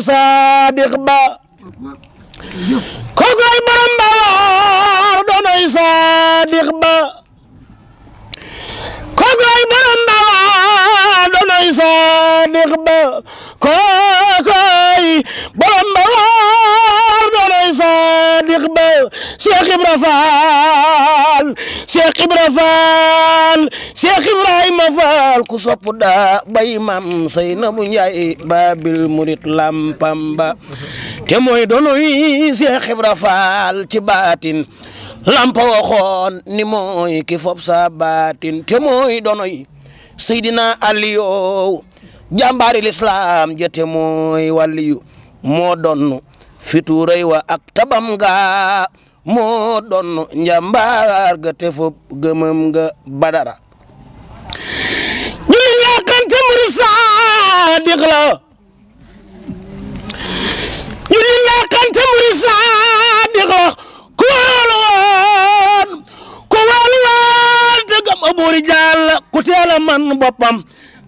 sadiq ba kokoy borom Bawor doonoy sadiq ba kokoy borom Bawor doonoy sadiq ba kokoy borom Bawor Cheikh Ibra Fall Cheikh Ibra Fall Cheikh Ibrahima Fall ku sopp daa bay mam Seynabu Njaay babil murit lampam ba te mooy donuy Cheikh Ibra Fall ci baatin lampa waxoon ni mooy ki fob baatin te mooy donoy Seydina Aliyu jàmbaari lislaam jete mooy wàlliyu moo donn fi wa ak tabam ga moo doon njàmbaar ga te gëmëm nga badara jullit la kante murid saadiq la jullit la kante murid saadiq la ku wóolu woon ku wóolu woon te gëm aboori jàll ku teel man boppam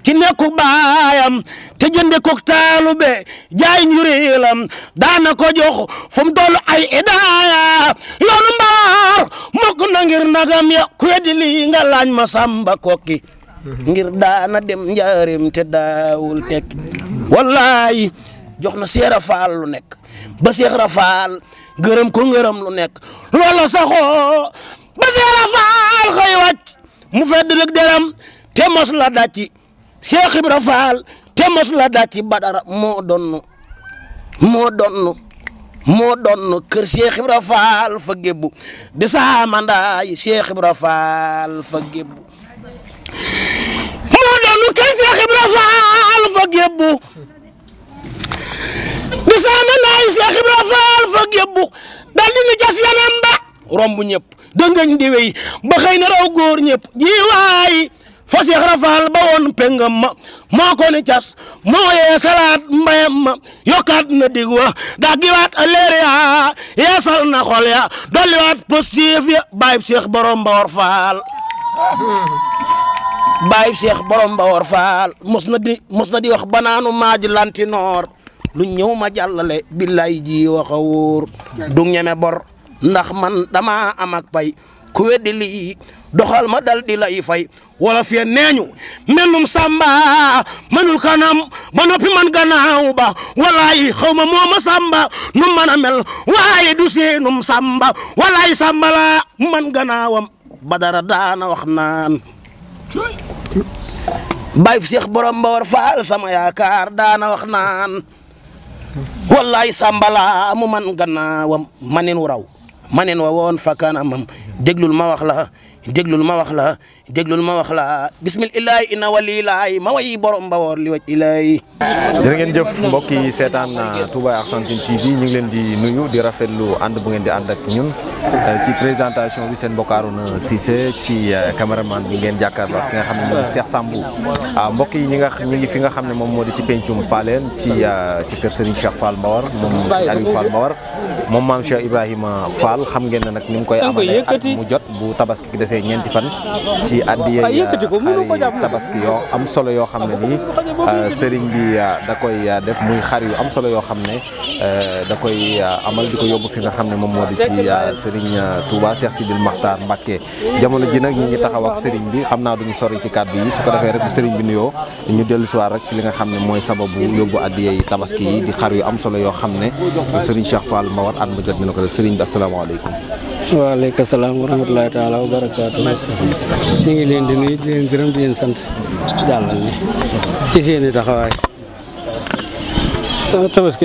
ki nekku baayam te jënde ko taalube jaay njurilam daana ko jox fu mu dool ay idaaya yoonu mbaar mokk na ngir nagam ya ku weddi nga laaj ma samba kokki ngir daana dem njaarim te daawul tekki wallaay jox na seera faal lu nekk ba seera faal gërëm ko ngërëm lu nekk loola saxoo ba seera faal xëy wàcc mu fedd deram te mos la dàcci Faal te mos la moo donnu moo donnu moo donnu kër Cheikh Ibra Fall fa gébbu di saa mandaay Cheikh Ibra Fall fa gébbu moo donnu kër Cheikh Ibra Fall fa gébbu di saa mandaay Cheikh Ibra Fall fa gébbu dal di nu jas yanam romb ñëpp dëngañ di ba xëy na raw góor ñëpp ji waay fa Seex Rafaal ba woon pengam ma moo ko ni cas moo yee salaat mbayam ma yokkaat na dig wa daa giwaat a leer ya yeesal na xol ya dolliwaat positif ya bàyyib Seex borom Mbawar Faal bàyyib Seex borom Mbawar Faal mos na di mos na di wax banaanu maaj lanti noor lu ñëw ma jàllale billaay ji wax a wóor du ñeme bor ndax man dama am ak pay ku weddi lii doxal ma dal di lay fay wala fiye neeñu menum samba manul kanam ba noppi man gannaaw ba walaay xaw ma mooma samba nu man a mel waaye du seenum samba walaay samba la man gannaawam badara daana wax naan bay Cheikh borom Faal sama yaakaar daana wax naan walaay samba la mu man gannaawam manin raw ma neen wa woon fakkaan amam déglul ma wax la déglul ma wax la déglul ma wax la bismillah inna walilaay ma way borom mbawoor li waj ilaay jërë ngeen jëf mbokk yi seetaan uh, Touba Argentine TV ñu ngi leen di nuyu di rafetlu ànd bu ngeen di ànd ak ñun uh, ci présentation bi seen mbokk Arouna Cissé ci uh, caméraman bi ngeen jàkkaarloo ak ki nga xam ne mooy Cheikh Sambou mbokk yi ñi nga ñi ngi fi nga xam ne moom moo di ci pencum Paleen ci ci kër Serigne Cheikh Fall Mbawar moom Serigne Aliou Fall Mbawar moom maam Cheikh Ibrahima Fall xam ngeen ne nag ni mu koy amalee at mu jot bu tabaski desee ñeenti fan ci di addiya xari tabaski yoo am solo yoo xam ne nii sëriñ euh, bi euh, da koy euh, def muy xar yu am solo yoo xam ne da koy amal di ko yóbbu fi nga xam ne moom moo di ci sëriñ Touba Cheikh Sidil Makhtar Mbacké jamono ji nag ñi ngi taxaw ak sëriñ bi xam naa ñu sori ci bi yi su ko defee rek bu sëriñ bi nuyoo ñu dellu si rek ci li nga xam ne mooy sababu yóbbu addiya yi tabaski yi di xar yu am solo yoo xam ne sëriñ Cheikh Fall Mawar at mu jot ñu ne ko rek sëriñ bi asalaamaaleykum waaleykum salaam wa rahmatulahi taala wa barakaatu ñu ngi leen di nuyu di leen gërëm di leen sant jàllal ni ci seeni taxawaay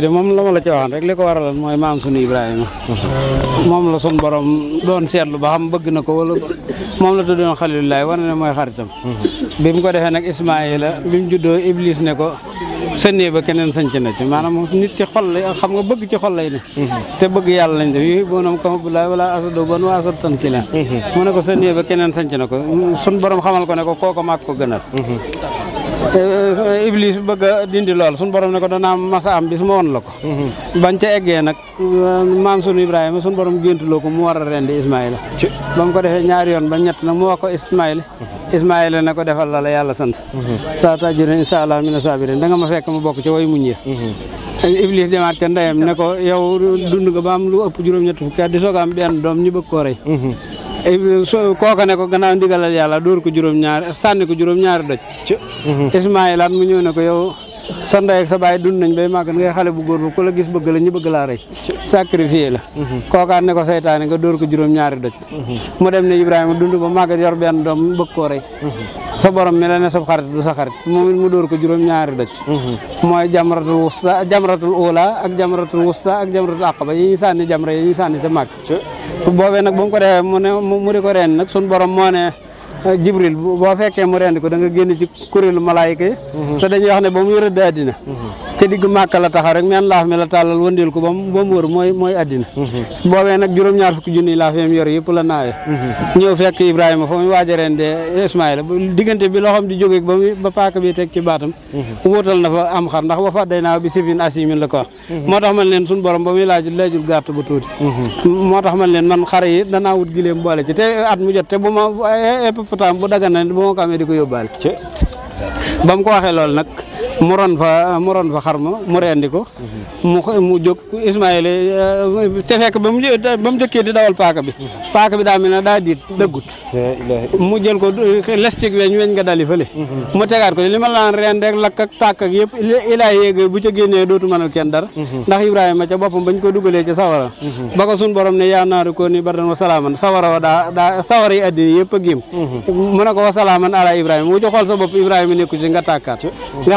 de moom la ma la ci waxoon rek li ko waraloon mooy maam sunu Ibrahima moom la sun borom doon seetlu ba xam bëgg na ko wala moom la do xalilullaay wane ne mooy xaritam bi mu ko defee nag Ismaayila bi mu juddoo Iblis ne ko sa néeg ba keneen sanc na ci maanaam nit ci xol la xam nga bëgg ci xol lay ne mhm. te bëgg yàlla lañ def yooyu boonam ko bulaay wala asado ban waa asad tan ki la mhm. mu ne ko sa néeg ba keneen sanc na ko sun borom xamal ko ne ko kooko maak ko gënal mhm. eh, Iblis bëgg dindi lool suñu borom ne ko danaa masa am bis ma woon la ko bañ eggee nag eh, maam sunu Ibrahima suñu borom géntuloo ko mu war a rendi Ismaïla ba mu ko defee ñaari yoon ba ñett nag mu wax ko Ismaïla Ismaayla na ko defal la la yàlla sant mhm. saa tajirén insha allah mina sabirin da nga ma fekk ma bokk ca way muñ mhm. Iblis demaat ca ndeyam ne ko yow dund nga ba am lu ëpp juróom-ñett fukki at di soog doom ñu bëgg koo rey mhm. kooka ne ko gannaaw ndigalal yàlla dóor ko juróom-ñaari sànni ko juróom-ñaari doj Ismaaylaat mu ñëw ne ko yow sa ndey ak sa baay dund nañ bay màggat ngay xale bu góor ba ku la gis bëgg la ñu bëgg laa rey sacrifié la mhm. kookaat ne ko seytaane nga dóor ko juróom ñaari doj mhm. mu dem ne Ibrahima dund ba màggat yor benn doom bëgg koo rey mhm. sa borom mi ne sa xarit du sa xarit mu dóor ko juróom ñaari doj mooy jamratul wusta jamratul ula ak jamratul wusta ak jamratul aqaba yi ñu sànni jamra yi ñu sànni te màgg boobee nag bu mu ko defee mu ne mu di ko reen nag sun borom moo Eh, jibril boo fekkee mu rendi ko da nga génn ci kuréelu malaayika yi mhm. te dañuy wax ne ba muy rëdd àddina mhm. ca digg màkka a taxaw rek men laaf mi la tàllal wëndeel ko ba mu ba mu wër mooy mooy àddina mhm. boobee nag juróom-ñaar fukki junniy laaf yam yor yëpp la naawee ñëw fekk ibrahima fa muy waaj a rendee ismaïla diggante bi loxoom di jógee ba muy ba paaka bi teg ci baatam wuutal na fa am xar ndax wa fa day naaw bi sifin asimin la ko moo tax man leen suñu borom ba muy laaju taam bu daga na bu ma ko amee di ko yóbbaale. ba mu ko waxee lool nag. mu ron fa mu ron fa xar ma mu rendi ko mu mu jóg Ismaïla eh, te fekk ba mu ba mu jëkkee di dawal paaka bi paaka bi daa mel na daa diit dëggut mu jël ko lestik weñ weñ nga dali fële mu tegaat ko li ma laan reen rek lakk ak tàkk ak yëpp ilaa yéeg bu ca génnee dootuma mënal kenn dara ndax ma ca boppam bañ ko dugalee ca sawara ba ko sun borom ne yaa naaru ko ni bardan wa salaaman sawara wa daa daa sawara yi addina yëpp a giim mu ne ko wa salaaman ala Ibrahima wu ci xool sa bopp Ibrahima nekku ci nga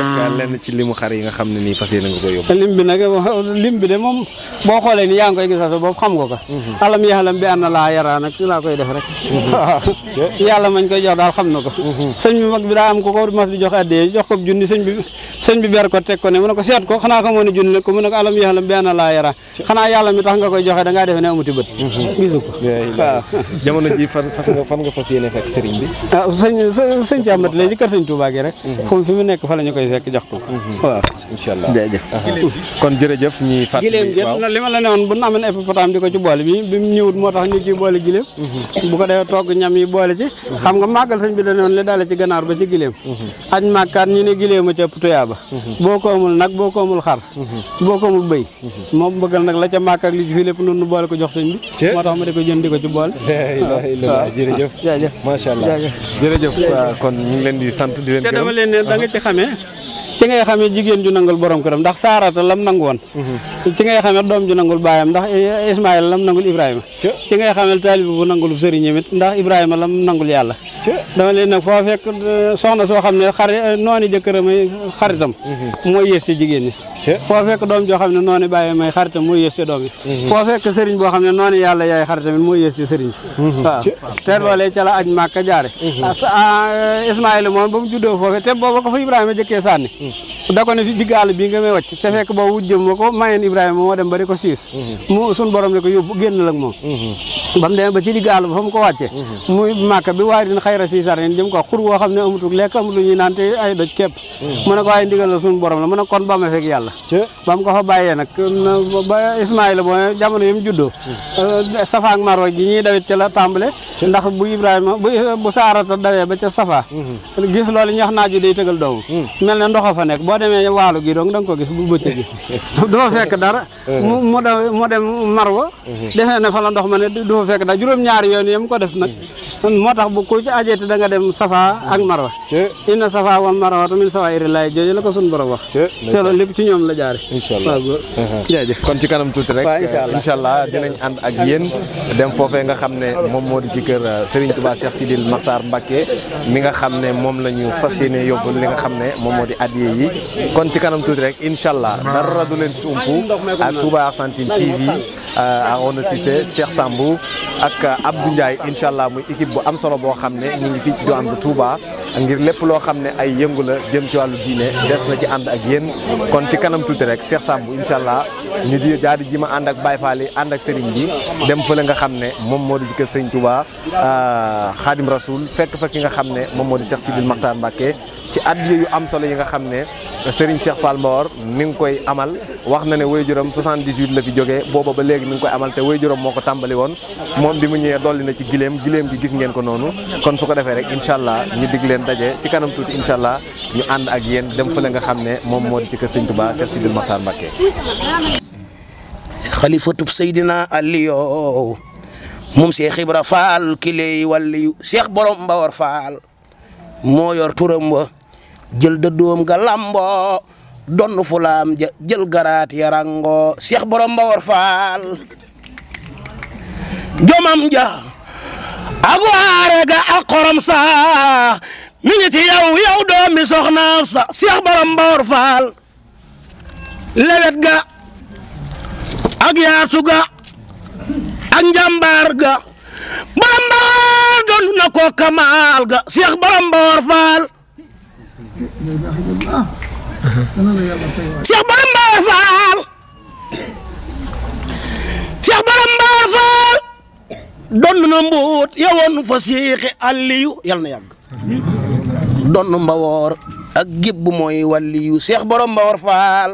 daal lenn ci limu xar yi nga xam ne nii fas yéene nga koy yóbbu. lim bi nag lim bi de moom boo xoolee ni yaa ngi koy gisal sa bopp xam nga ko. Mhm. alam yaxalam bi ànd laa yaraa nag laa koy def rek. Mhm. waaw koy jox daal xam na ko. Mhm. sëñ ko ko ko junni ne mu ko seet ko xanaa xamoo mu ne ko laa yaraa xanaa yàlla tax nga koy joxe da defe ne amuti bët. gisu ko jamono ji fan nga fas yéene fekk sëriñ bi. ah sëñ sëñ Thiamat léegi kër sëñ Touba rek. fi mu nekk fa la koy fekk jox ko mhm. waaw incha allah jërëjëf kon jërëjëf ñi fàttali giléem li ma la newoon bu nu amee hippopotame di ko ci boole bi bi mu ñëwut moo tax ñu ci boole giléem mhm. bu ko defee togg ñam yi boole ci mhm. xam nga ba ci giléem añ màkkaat ñu ne giléem a ca ëpp tuyaaba boo ko amul nag boo ko amul xar boo ko bëy moom bëggal nag la ca màkk ak li ci fii lépp noonu boole ko jox sëñ bi moo tax ma di ko jënd di ko ci boole ah, ah. jërëjëf macha allah jërëjëf kon ñu leen di sant di leen gërëm da nga ah. ci xamee ci ngay xamee jigéen ju nangul borom këram ndax saarata lam nangu woon ci mhm. ngay xamee doom ju nangul baayam ndax ismaïla lam nangul ibrahima ci ngay xamee taalibi bu nangul sëriñam it ndax ibrahima lam nangul yàlla dama leen nag foo fekk eh, soxna soo xam ne xari eh, nooni jëkkëram ay xaritam mhm. mooy yées ci jigéen ñi foo fekk doom joo xam ne nooni bàyyi may xaritam mooy yées ci mhm. ci sëriñ te loolee ca la aj màkka jaare ah, ah, ismaïla moom ba mu juddoo foofu te booba ko fa ibrahima sànni mm. da ko ne si digg àll bii nga may wàcc ca fekk boobu jëm ma ko mayeen Ibrahima moo dem ba ko siis mm-hmm. mu sun borom ne ko yóbbu ba mu demee ba ci digg àll fa mu ko wàcce mhm. muy màkk bi waarin xayra si sarin jëm ko xur woo xam ne amatul lekk amatul ñu naan te ay doj képp mhm. mu ne ko waaye ndigal la suñu borom la mu ne kon ba ma fekk yàlla ba mu ko fa bàyyee nag ba Ismaïla boo jamono yi mu juddoo mhm. euh, Safa ak Marwa gi ñuy dawit ca la tàmbale ndax bu Ibrahima bu Saarata dawee ba ca Safa gis loolu ñax naaju day tëgal doomu mel na ndox a fa nekk boo demee waalu gi donc da nga ko gis bu bëccëg gi doo fekk dara mu dem Marwa defee ma fa fekk ndax juróom ñaar yoon yam ko def nag mm. moo tax bu ku ci ajeeti da nga dem safa ak marwa mm. inna safa wa marwa min sawaa'iri laay jooju la ko sun borom wax lépp ci la jaare inshallah kon ci kanam tuuti rek inshallah dinañ ànd ak yéen dem foofee nga xam ne moom moo di ci kër uh, Serigne Touba Cheikh Sidil Makhtar Mbacké mi nga xam ne moom la ñu fas yéene yóbbul li nga xam ne moom moo di addiye yi kon ci kanam tuuti rek inshallah dara du leen ci umpu ak Touba Argentine TV à uh, Onde Cissé Cheikh Sambou ak Abdou Ndiaye incha allah muy équipe bu am solo boo xam ne ñu ngi fii ci diwaan bu Touba ngir lépp loo xam ne ay yëngu la jëm ci wàllu diine des na ci ànd ak yéen kon ci kanam tuuti rek Cheikh Samb incha allah ñu di daal di ji ma ànd ak Baye Fall yi ànd ak Serigne bi dem fële nga xam ne moom moo di kër Serigne Touba euh, Khadim Rasoul fekk fa ki nga xam ne moom moo di Cheikh Sidil Makhtar Mbacké ci at yu am solo yi nga xam ne Serigne Cheikh Fall Mbaor mi ngi koy amal. wax na ne waajuram 78 la fi jógee booba ba léegi mi ngi koy amal te waajuram moo ko tàmbali woon moom bi mu ñëwee dolli na ci giléem giléem gi gis ngeen ko noonu kon su ko defee rek incha allah ñu dig leen daje ci kanam tuuti incha allah ñu ànd ak yéen dem fële nga xam ne moom moo di ci kër Sëñ Tuubaa Cheikh Sidil Makhtar Mbacké xalifatub Seydina Aliou moom Cheikh Ibra Fall ki lay wàlliyu borom Mbawar Fall moo yor turam ba jël dëddoom donn fulaam ja jël garaat yarango seex borom Mbawar Faal jomam ja ak waare ga ak xorom sa mi ngi ci yow yow doomi soxna sa seex borom Mbawar Faal lewet ga ak yaatu ga ak njàmbaar ga borom Mbawar doon na ko kamaal ga seex borom Mbawar Faal Cheikh Bara Mbaye Fall Cheikh Bara Mbaye Fall donn na mbuut yowoon fa siixi alliyu yal na yàgg donn mbawoor ak gébb mooy walliyu Cheikh Bara Mbaye Fall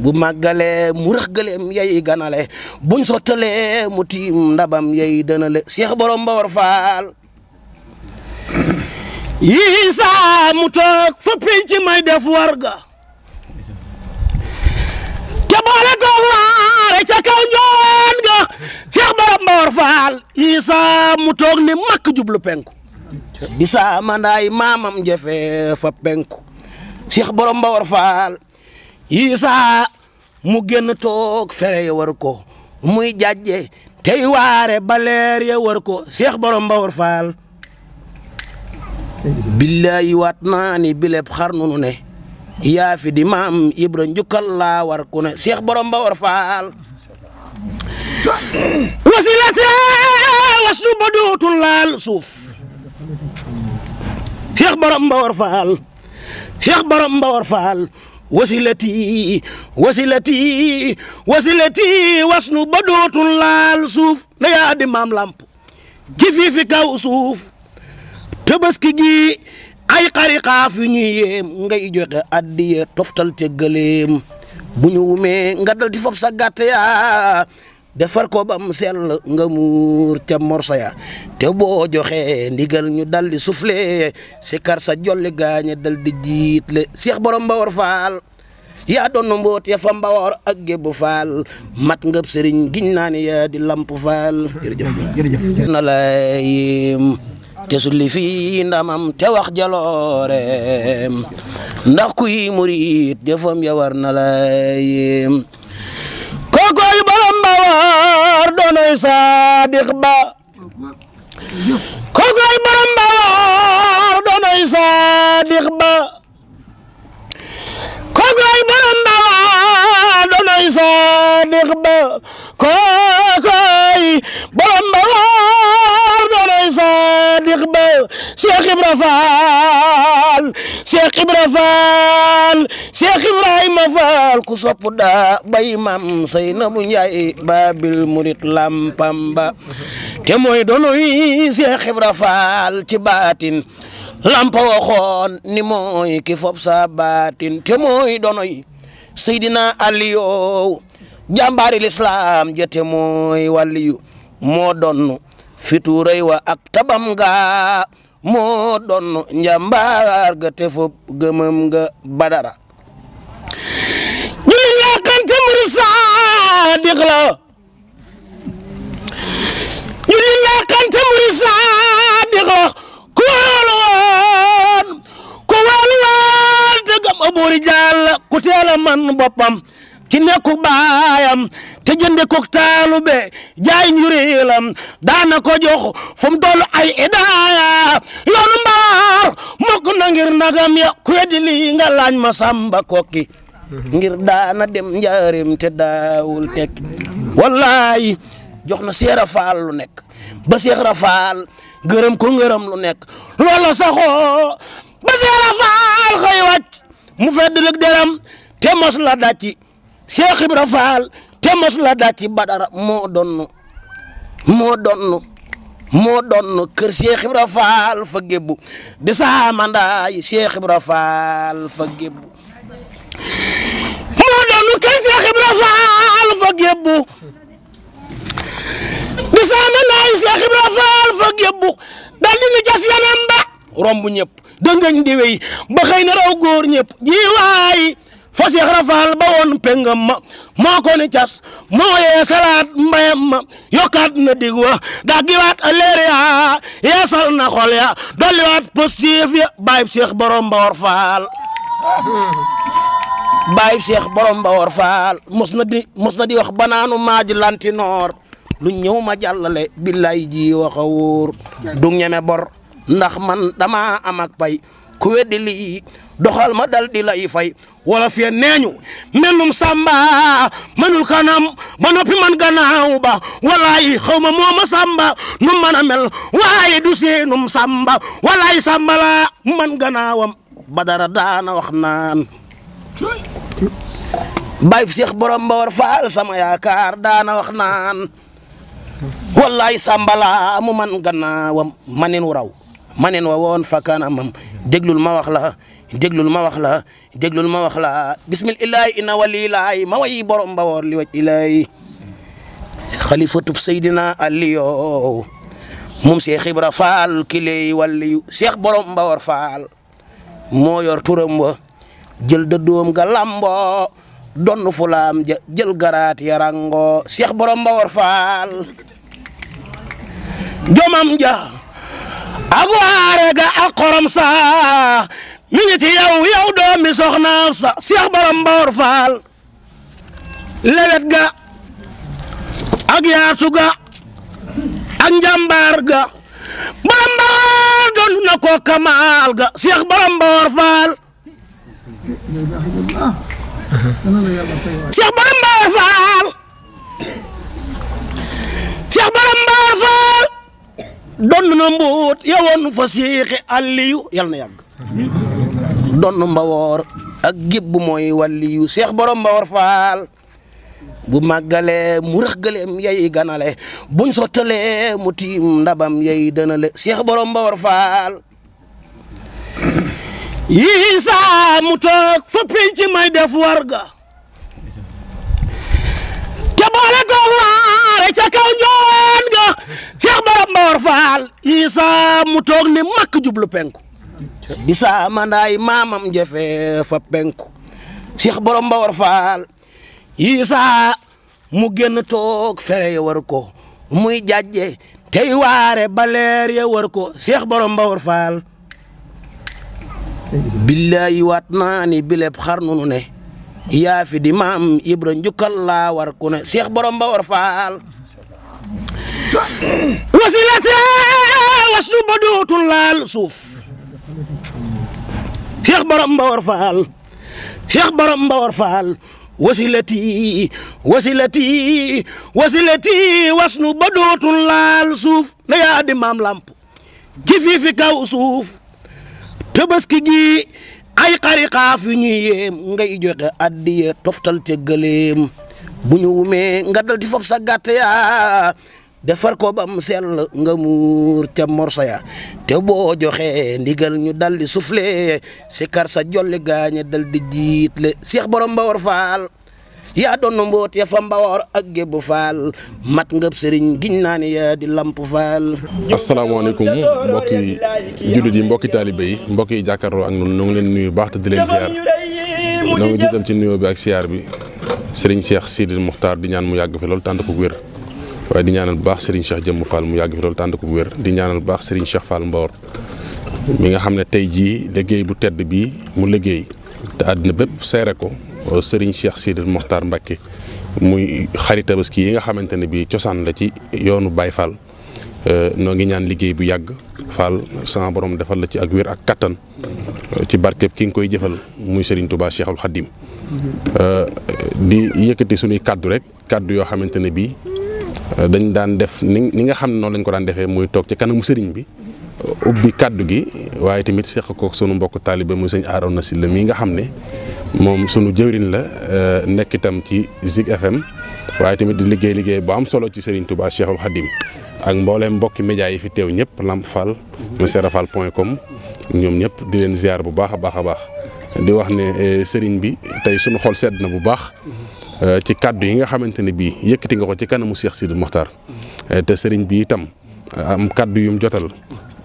bu màggalee mu rax gëleem yay ganale buñ sottalee mu tiim ndabam yay dënale Cheikh Bara Mbaye Fall Isaa mu toog fa pinc may def warga te boole ko waare ca kaw njoon ga Cheikh Barab Mawar Faal Isaa mu toog ni makk jublu penku Isaa mandaay maamam jafe fa penku Cheikh Barab Mawar Faal Isaa mu génn toog fere ya war ko muy jàjje tey waare baleer ya war ko Cheikh Barab Mawar Faal billaahi waat naa ni bileb xar nu ne yaa fi di maam Ibra njukkal laa war ku ne Cheikh borom ba war faal wasilate waslu ba dootul laal suuf Cheikh borom ba war faal Cheikh borom ba war faal wasilati wasilati wasnu ba dootul laal suuf na yaa di maam lamp ci fi kaw suuf tabaski gi ay xari xaaf yu ñuy yéem ngay joxe addiya toftal ca gëleem bu ñu wumee nga dal di fop sa gàtt yaa defar ko bam sell nga muur ca morso ya te boo joxee ndigal ñu dal di soufflé si kar sa jolli gaañe dal di jiitle Seex Borom Mbawor Faal yaa doon mboot ya fa Mbawor ak Gébu Faal mat nga sëriñ giñ naa yaa di lamp Faal na lay te sulli ndamam te wax jaloorem ndax kuy murit defam ya war na lay kookoy borom ba war doonoy ba saadiq Ibra Faal Cheikh Ibra Faal Cheikh Ibrahima Faal ku sopp daa bay mam Seynabu Njaay Baabil Murit lampam ba te mooy donuy Cheikh Ibra Faal ci baatin lampa waxoon ni mooy ki fob sa baatin te mooy donoy Seydina Aliyu jàmbaari lislaam jete mooy waliyu moo donnu fituuray wa ak tabam nga moo doon njàmbaar ga te gëmëm nga badara julin laa kante muru saadiq la julin laa kante muru saadiq la ku walu woon ku walu woon te gëm abori jàll ku teel man boppam ci nekku baayam te jënde ko taalube jaay njurilam daana ko jox fu mu toll ay idaaya loolu mbaar mokk na ngir nagam ya ku weddi nga laaj ma samba kokki ngir daana dem njaarim te daawul tekki wallaay jox na seera faal lu nekk ba seera faal gërëm ko ngërëm lu nekk loola saxoo ba seera faal xëy wàcc mu fedd deram te mos la dàcci Cheikh Faal te mos la daa badara moo donnu moo donnu kër Cheikh Ibra Fall fa gébbu di saa mandaay Cheikh Ibra Fall fa gébbu di saa mandaay Cheikh Ibra Fall fa gébbu dal di nu jas yanam romb ñëpp dëngañ di wéy na raw góor ñëpp ji fa Seex Rafaal ba woon pengam ma moo ko ni cas moo yee salaat mbayam ma yokkaat na dig wa daa giwaat a leer ya yeesal na xol ya dolliwaat positif ya baayib Seex borom Mbawor Faal baayib Seex borom Mbawor Faal mos na di mos na di wax banaanu maaji lanti lu ñëw ma jàllale billaay ji wax a wóor du ñeme bor ndax man dama amak ak pay ku weddi lii doxal ma dal di lay fay wala fiye neeñu menum samba manul kanam ba noppi man gannaaw ba walaay xaw ma mooma samba nu man a mel waaye du seenum samba walaay samba laa man gannaawam badara daana wax naan bay Cheikh borom Mbawar sama yaakaar daana wax naan wallaay samba laa mu man gannaawam manin raw manin wa fa kanamam déglul ma wax déglul ma wax la déglul ma wax la bismillahi inna walilaay ma way borom ba li waj ilaay xalifatub seydina aliyo moom Cheikh Ibra Fall ki lay waliyu Cheikh borom ba woor Fall jël dëddoom ga lambo donn fulaam ja jël garaat yarango Cheikh borom ba woor jomam ja ak waare ga ak sa mi ngi ci yow doomi soxna sa Cheikh Borom Mbaor Fall lewet ga ak yaatu ga ak njàmbaar ga Borom Mbaor doon ko kamaal ga Cheikh Borom Mbaor Fall Cheikh Borom Mbaor Fall Cheikh Borom Mbaor Fall doon fa Cheikh Aliou yal na yàgg donn mbawoor ak gébb mooy wàlli yu seex borom mbawoor faal bu màggalee mu rëx gëleem yay ganale buñ sottalee mu tiim ndabam yay dënale seex borom mbawoor faal yiisa mu toog fa pinc may def warga te boole ko waare ca kaw njoon ga seex borom mbawoor faal yiisa mu toog ni makk jublu penku bisaa mandaay maamam jafe fa penku Cheikh borom ba war faal yi mu génn toog fere ya war ko muy jajje tey waare baleer ya war ko Cheikh borom ba war faal billaayi waat naa ni bileb xar nunu ne yaa fi di maam Ibra njukkal laa war ku ne borom ba war faal wasilate waslu ba dootul laal suuf cheikh borom Mbawar Fall cheikh borom Mbawar Fall wasilati wasilati wasilati wasnu ba dootul laal suuf na yaa di maam làmp ci fii kaw suuf tabaski gi ay xari xaaf yu ñuy yéem ngay joxe addiya toftal ca gëleem bu nga dal di fob sa gat yaa defar ko ba mu sell nga muur ca morso ya te boo joxee ndigal ñu dal di soufflé si kar sa jolli gaañe dal di jiitle seex borom Mbawor Faal yaa doon mboot ya fa Mbawor ak Gébu Faal mat nga sëriñ giñ naan ni di Lamp Faal. asalaamaaleykum mbokki jullit yi mbokki taalibe yi mbokk yi jàkkaarloo ak ñun ñoo leen nuyu baax te di leen ziar ñoo ngi jiital ci nuyoo bi ak siyaar bi sëriñ Cheikh Sidil Muxtaar di ñaan mu yàgg fi loolu tànn ko wér. waaye di ñaanal bu baax Serigne Cheikh Jëmm Fall mu yàgg fi loolu tànd ko bu wér di ñaanal bu baax Serigne Cheikh Fall Mbawor mi nga xam ne tey jii liggéey bu tedd bi mu liggéey te àddina bépp seere ko Serigne Cheikh Sidil Mokhtar Mbacke muy xarit tabaski yi nga xamante ne bii cosaan la ci yoonu Baye Fall euh, noo ngi ñaan liggéey bu yàgg Fall sama borom defal la ci ak wér ak kattan euh, ci barkeb ki nga koy jëfal muy sëriñ Touba Cheikhul Khadim euh, di yëkkati suñuy kaddu rek kaddu yoo xamante ne bii. dañ daan def ni ni nga xam ne noonu lañ ko daan defee muy toog ci kanamu sëriñ bi ubbi kàddu gi waaye tamit seq ko sunu mbokk taalibe muy sëñ Arouna Sylla mii nga xam ne moom sunu jëwriñ la euh, nekk itam ci Zik FM waaye tamit di liggéey liggéey bu am solo ci Serigne Touba Cheikhul Khadim ak mbooleem mbokki média yi fi teew ñëpp Lamp Fall Serafal point com ñoom ñëpp di leen ziar bu baax a baax a baax di wax ne euh, sëriñ bi tey sunu xol sedd na bu baax. Euh, ci kàddu yi nga xamante ne bii yëkkati nga ko ci kanamu Cheikh Sidi Mokhtar euh, te sëriñ bi itam euh, am kàddu yum jotal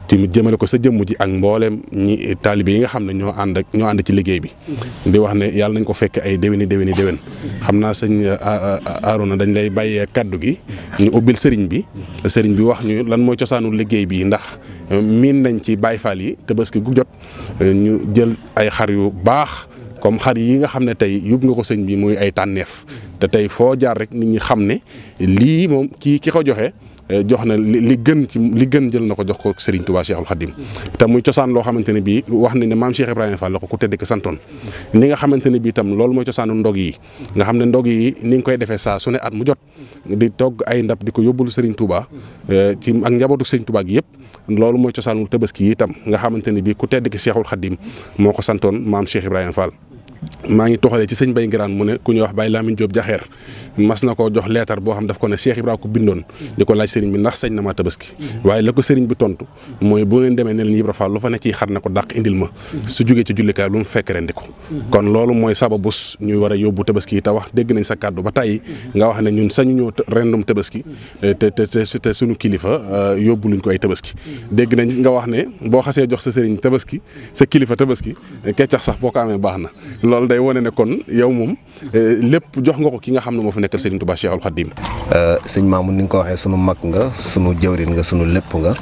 ci jëmale ko sa jëmm ji ak mbooleem ñi taalibe yi nga xam ne ñoo ànd ak ñoo ànd ci liggéey bi di wax ne yàlla nañ ko fekk ay déwéni déwéni déwén xam naa sëñ Arouna dañ lay bàyyee kàddu gi ñu ubbil sëriñ bi sëriñ bi wax ñu lan mooy cosaanu liggéey bi ndax miin nañ ci Baay Faal yi Tabaski gu jot ñu jël ay xar yu baax comme xar yi nga xam ne tey yóbbu nga ko sëñ bi muy ay tànneef te tey foo jaar rek nit ñi xam ne lii moom kii ki ko joxe eh, jox na li gën ci li gën jël na ko jox ko Serigne Touba Cheikhul Khadim te muy cosaan loo xamante ne bii wax nañ ne maam Cheikh Ibrahima Fall ko ku tedd ki santoon nga xamante ne bii tam loolu mooy cosaanu ndog yi nga xam ne ndog yi ni nga koy defe saa su ne at mu jot di togg ay ndab di ko yóbbul Serigne Touba eh, ci ak njabootu Serigne Touba gi yëpp loolu mooy cosaanul tabaski yi itam nga xamante ne bii ku tedd ki Cheikhul Khadim moo ko santoon maam Cheikh Ibrahima maa ngi toxalee ci sëñ Bay Ngiraan mu ne ku ñu wax Baye Lamine Diop jaxeer mas na ko jox leetar boo xam daf ko ne Cheikh Ibrahima ko bindoon di ko laaj sëriñ bi ndax sañ na maa tabaski waaye la ko sëriñ bi tontu mooy bu ngeen demee ne leen Ibra Fall lu fa ne ciy xar na ko dàq indil ma su jógee ci jullikaay lu mu fekk rendi ko kon loolu mooy sababus ñuy war a yóbbu tabaski yi te wax dégg nañ sa kàddu ba tàyyi nga wax ne ñun sañu ñoo rendum tabaski te te te suñu kilifa euh, yóbbu luñ ko ay tabaski dégg nañ nga wax ne boo xasee jox sa sëriñ tabaski sa kilifa tabaski keccax sax boo ko amee baax na loolu day wane ne kon yow moom eh, lépp jox nga ko ki nga xam ne moo fi nekkal Serigne Touba Cheikhul Khadim. Euh, sëñ Maamu ni nga ko waxee sunu mag nga sunu jëwrin nga sunu lépp nga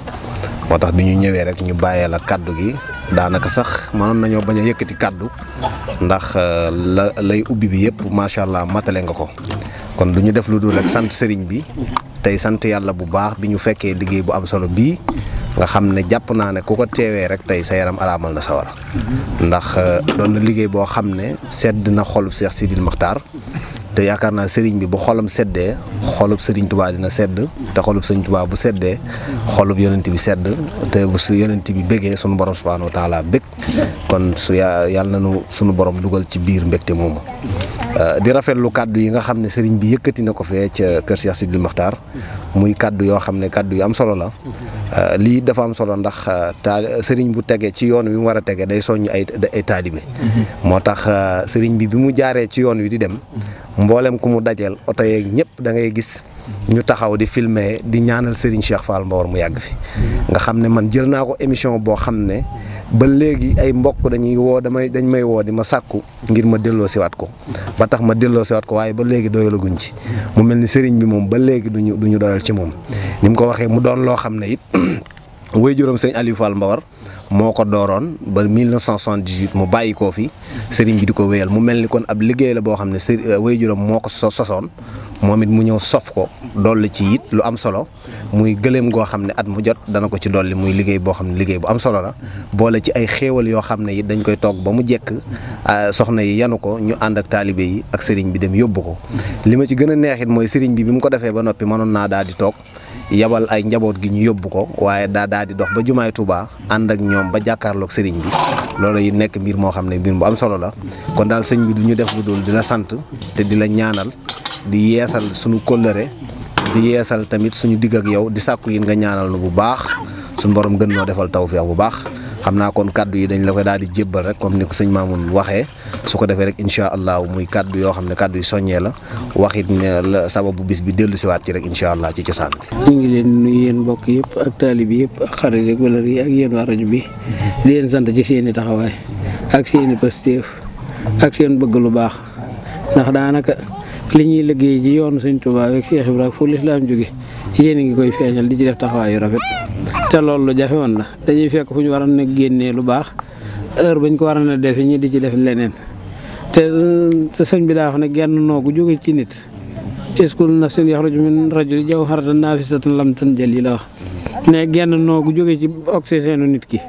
moo tax bi ñu ñëwee rek ñu bàyyee la kàddu gi daanaka sax mënoon nañoo bañ a yëkkati kàddu ndax euh, la lay ubbi bi yëpp macha allah matale nga ko. kon du ñu def lu dul rek sant sëriñ bi tey sant yàlla bu baax bi ñu fekkee liggéey bu am solo bii nga xam ne jàpp naa ne ku ko teewee rek tey sa yaram araamal na sawar ndax euh, doon na liggéey boo xam ne sedd na xolub Seex Sidil Maxtaar te yaakaar naa sëriñ bi bu xolam seddee xolub sëriñ tubaa dina sedd te xolub sëriñ tubaa bu seddee xolub yonent bi sedd te bu su yonent bi bégee sunu borom subhaanahu wa taala kon su yàlla na nañu sunu borom dugal ci biir mbégte moomu euh, di rafetlu kàddu yi nga xam ne sëriñ bi yëkkati na ko fee ca kër Cheikh Sidil Maxtaar muy kàddu yoo xam ne kàddu yu am solo la euh, lii dafa am solo ndax euh, taal sëriñ bu tegee ci yoon wi mu war a tege day soññ ay ay taalibe mm-hmm. moo tax sëriñ bi bi mu jaaree ci yoon wi di dem mboolem ku mu dajeel oto yeeg ñëpp da ngay gis ñu taxaw di filmer di ñaanal Serigne Cheikh Fall Mbaor mu yàgg fi. nga xam ne man jël naa ko émission boo xam ne ba léegi ay mbokk dañuy woo damay dañ may woo di ma sàkku ngir ma delloo siwaat ko ba tax ma delloo si siwaat ko waaye ba léegi doyalaguñ ci mu mel ni Serigne bi moom ba léegi duñu duñu doyal ci moom ni mu ko waxee mu doon loo xam ne it wéy juróom sëñ Aliou Fall Mbaor moo ko dooroon ba 1978 mu bàyyi koo fi sëriñ bi di ko wéyal mu mel ni kon ab liggéey la boo xam ne sëriñ euh, wéyjuram moo ko sosoon moom it mu ñëw sof ko dool la ci it lu am solo muy gëléem goo xam ne at mu jot dana ko ci dool li muy liggéey boo xam ne liggéey bu am solo la boole ci ay xéewal yoo xam ne it dañ koy toog ba mu jekk euh, soxna yi yanu ko ñu ànd ak taalibe yi ak sëriñ bi dem yóbbu ko li ma ci gën a neexit mooy sëriñ bi bi mu ko defee ba noppi mënoon naa daal di toog yabal ay njaboot gi ñu yóbbu ko waaye daa daa di dox ba jumaay tubaa ànd ak ñoom ba jàkkaarloog sëriñ bi loolu yi nekk mbir moo xam ne mbir mu am solo la kon daal sëñ bi du ñu def lu dul di la sant te di la ñaanal di yeesal suñu kóllëre di yeesal tamit suñu digg ak yow di sàkku yin nga ñaanal nu bu baax su borom gën ñoo defal taw tawfeex bu baax xam naa kon kàddu yi dañ la koy daal di jébbal rek comme ni ko sëñ Mamoun waxee su ko defee rek incha allah muy kaddu yoo xam ne kaddu yu soññee la wax it ne la sababu bis bi dellu siwaat ci rek incha allah ci cosaan bi. ñu ngi leen nuyu yéen mbokk yëpp ak taalib yëpp ak xarit yeeg ak yéen waa rajo bi di leen sant ci seen i taxawaay ak seen i ak seen bëgg lu baax ndax daanaka li ñuy liggéey ci yoonu sëñ Tuubaa ak Cheikh Ibrahima fu lislaam jóge yéen a ngi koy feeñal di ci def taxawaay yu rafet te loolu lu jafe woon la dañuy fekk fu ñu waroon a génnee lu baax heure bañ ko waroon a defee ñi di ci def leneen te te sëñ bi daa wax ne genn noogu jóge ci nit iskul nafsin yaxruju min rajuli jawharatan naafisatan lam tanjali la wax ne genn noogu jóge ci oxygène nit ki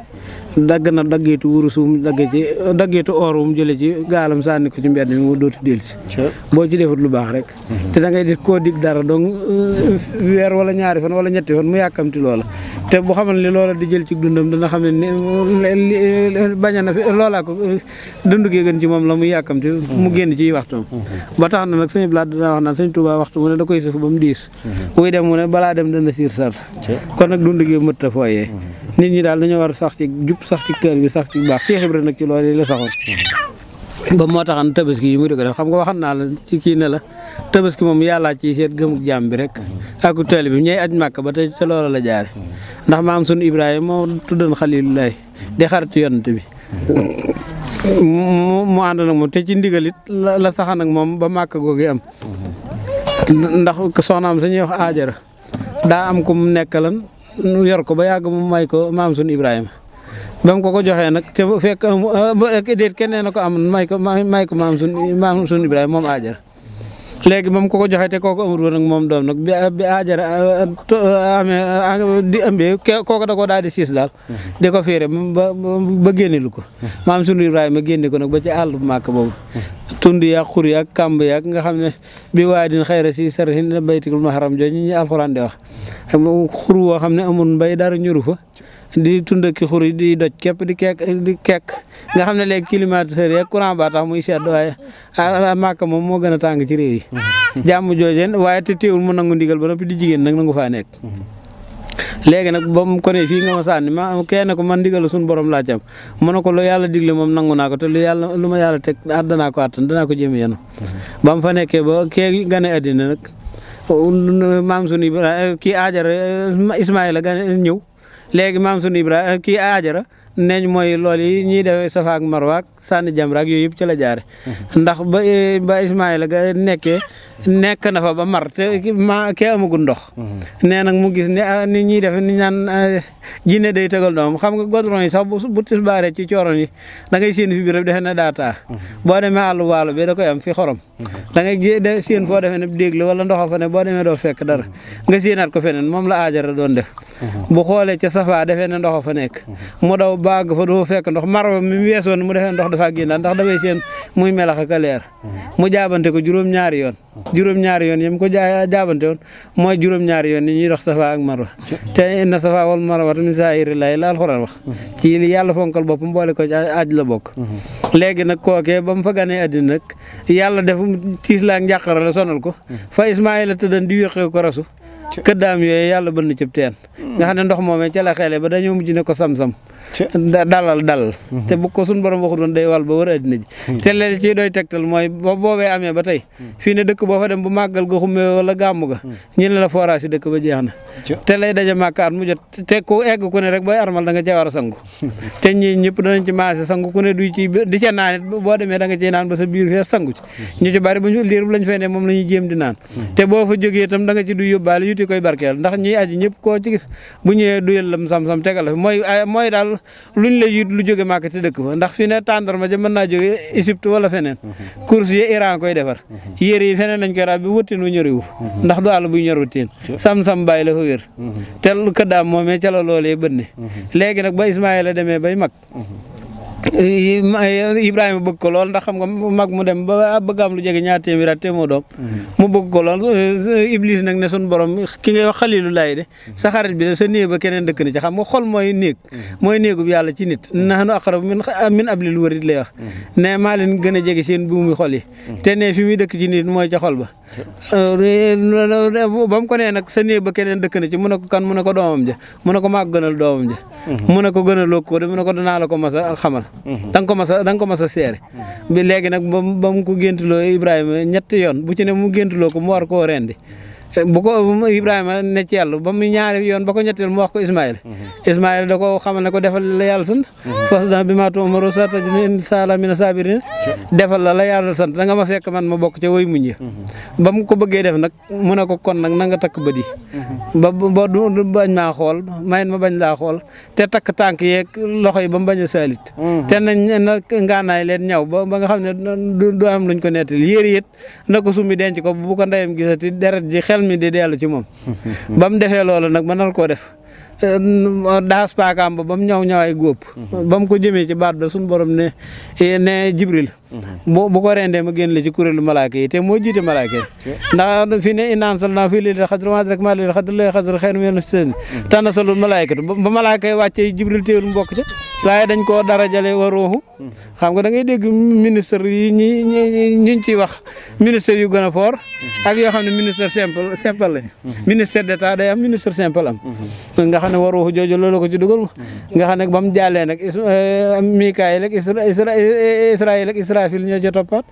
dagg na daggeetu wurusum dagge ci daggeetu or wum jële ci gaalam sànni ko ci mbedd mi mu dootu del si boo ci defut lu baax rek mhm. te da ngay di koo dig dara donc euh, weer wala ñaari fan wala ñetti fan mu yàkkamti loola te bu xamal ne loola di jël ci dundam dana xam ne bañ na fi loolaa ko euh, dund gee gën ci moom la mu yàkkamti mhm. mu génn ci waxtam mhm. ba tax na nag sëñ Blaat dana wax naan sëñ Touba waxtu mu ne da koy sëf ba mu diis kuy dem mu ne balaa dem dana siir sar kon nag dund gee mëtt a fooyee nit ñi daal dañoo war sax ci jub sax ci kër gi sax ci baax Cheikh Ibrahima nag ci loolu la saxoon ba moo tax tabaski yi mu di ko def xam nga waxan naa la ci kii na la tabaski moom yàllaa ci seet gëmuk jaam bi rek ak teel bi ñooy aj màkk ba tey ca loola la jaare ndax maam sunu Ibrahima moo tuddoon xalilullahi di xaritu yonent bi mu mu ànd nag moom te ci ndigalit la saxan ak moom ba màkk googu am ndax soxnaam sañuy wax aajara daa am ko mu nekkalan yor ko ba yàgg mu may ko maam sunu Ibrahima ba mu ko ko joxee nag te bu fekk déet kenn na ko am may ko may ko maam sunu maam sunu Ibrahima moom Aajara léegi ba mu ko ko joxee te kooku amul woon nag moom doom nag bi bi Aajara amee di ëmbee kooku da koo daal di siis daal. di ko féere ba ba génne lu ko. maam sunu Ibrahima génne ko nag ba ci àll bu boobu. tund yaag xur yaag kàmb yaag nga xam ne bi waa din xayra si sarhin baytikul mahram jooju ñu alxuraan di wax xur woo xam ne amul mbay dara ñuru fa. di tund ki xur yi di doj képp di kekk di kekk nga xam ne léegi climatiseur yeeg courant ba tax muy sedd waaye màkk moom moo gën a tàng ci réew yi mm-hmm. jàmm joojeen waaye te teewul mu nangu ndigal ba noppi di jigéen nag nangu faa nekk mm-hmm. léegi nag ba mu ko ne ma ko man ndigal suñu borom laa cam mu ko yàlla digle moom nangu naa ko te lu yàlla lu ma yàlla teg at ah, danaa ko attan danaa ko jëm yenu mm-hmm. ba mu fa nekkee ke kee gane addina nag uh, maam sunu kii aajara uh, Ismaayla gane ñëw léegi maam sunu Ibrahima kii Aajara neñ mooy lool yi ñuy defee Safa ak Marwa ak sànni jamra ak yooyu yëpp ci la jaare ndax ba eh, ba Ismaïla ga nekkee nekk na fa ba mar te ma kee amagul ndox. Mm-hmm. nee nag mu gis ah, ni ñuy def ni ñaan ah, jinne day tegal doom xam nga godron yi sax bu bu tisbaaree ci cooron yi da ngay séen fi biir rek defe na daa taa. Mm-hmm. boo demee àllu waalo bi da koy am fi xorom. Mm-hmm. da ngay séen foo defee ne dégg la a ndoxo fa ne boo demee doo fekk dara nga séenaat ko feneen moom la aajara doon def. bu xoolee ca safaa defee ne ndoxo fa nekk. mu daw baag fa doo dafaa génnaat ndax damay seen muy melax ak leer mu jaabante ko juróom-ñaari yoon juróom-ñaari yoon yim ko jaa jaabante woon mooy juróom-ñaari yoon yi ñuy dox safa ak marwa te inna safa wal marwa min saa'irillaahi la alxuraan wax ci li yàlla fonkal boppam boole ko ci aj la bokk léegi nag kookee ba mu fa ganee àddina nag yàlla def tiis la ak njàqara la sonal ko fa ismaila tëddan di wéqee ko rasu këddaam yooyu yàlla bënn cëb teen nga xam ne ndox moomee ca la xeele ba dañoo mujj ne dalal dalal mhm. te bu ko suñ borom waxu doon day wal ba wër addina ji mhm. te leen ciy doy tegtal mooy boo boobee amee ba tey mhm. fii dëkk boo fa dem bu màggal ga xummee wala gàmmu ga ñu ne ba jeex na da nga cee a sangu te ñii ñëpp danañ ci maase sangu ku ne duy ci di ca naan it boo demee da nga ciy naan ba sa biir fee sangu ci ñu ci bari bu ñu liir bu lañ fay moom la ñuy di naan te boo fa jógee itam da ci duy yóbbaale yuti koy barkeel ndax ñiy aji ñëpp koo ci bu ñëwee duyal lam sam-sam tegal mooy mooy luñ la yit lu jóge màkk dëkk fa ndax fi ne tàndarma ja mën naa jóge Égypte wala feneen mhm. course yi Iran koy defar mhm. yére yi feneen nañ koy raab bi wëttin wu mhm. ndax du àll buy ñor wëttin sam-sam bàyyi la fa wér te lu këddaam moomee ca la loolee bënne léegi nag ba Ismaayila demee bay mag Ibrahima bëgg ko lool ndax xam nga mag mu dem ba bëgg am lu jege ñaar téeméer at moo doom mm-hmm. mu bëgg ko lool Iblis nag ne sun borom ki ngay wax xalilullaay de mm-hmm. sa bi de sa néeg ba keneen dëkk na ci xam nga mooy néeg mm-hmm. mooy néegub yàlla ci nit nahnu aqrabu min min hablil warid lay wax ne maa gën a jege seen buumu xol yi te ne fi muy dëkk ci nit mooy ca xol ba mu ko nee sa néeg ba keneen dëkk na ci mu ne ko kan mu ne ko doomam ja mu ne ko maa gënal doomam ja mu ne ko gën a lóog ko de mu ne ko danaa la ko masa a xamal ko masa mhm. a da nga ko mas seere bi léegi nag ba ba mu ko géntuloo Ibrahima ñetti yoon bu ci ne mu géntuloo ko mu war koo rendi bu ko Ibrahima a ci yàlla ba mu ñaari yoon ba ko ñetteel mu wax ko Ismaïl mhm. Ismaïl da ko xamal ne ko defal la yàlla sant mhm. fasda bi ma tu'maru satajiduni inshaa Allah mina saabiriin defal la la sant da nga ma fekk man ma bokk ca way muñ ya mhm. ba mu ko bëggee def nag mu a ko kon nag na nga takk bët yi ba ba du bañ maa xool mayin ma bañ laa xool te takk tànk yeeg loxo yi ba mu bañ a saalit te nañ na ngaanaay leen ñaw ba ba nga xam ne du am luñ ko nettali yéeri yét na mi di dellu ci moom ba mu defee loolu nag mënal ko def euh, daas paakaam ba ba mu ñaw ñaw ay góob mm-hmm. ba mu ko jëmee ci baat ba suñu borom ne ne Jibril bu bu ko ma génn la ci kuréelu malaaka yi te moo jiite malaaka yi ndax fi ne inaan sal naa fii lil xadr maa rek maa lil xadr lay xadr xëy na mel seen xam da ngay dégg ministre yi ñi ñi ciy wax ministre yu a ne ministre simple simple am ministre simple am nga xam ne wa ruuxu jooju ci dugal nga xam ne ba mu jàllee nag eh, Mikaayil ak Isra saraafil ñoo ca toppaat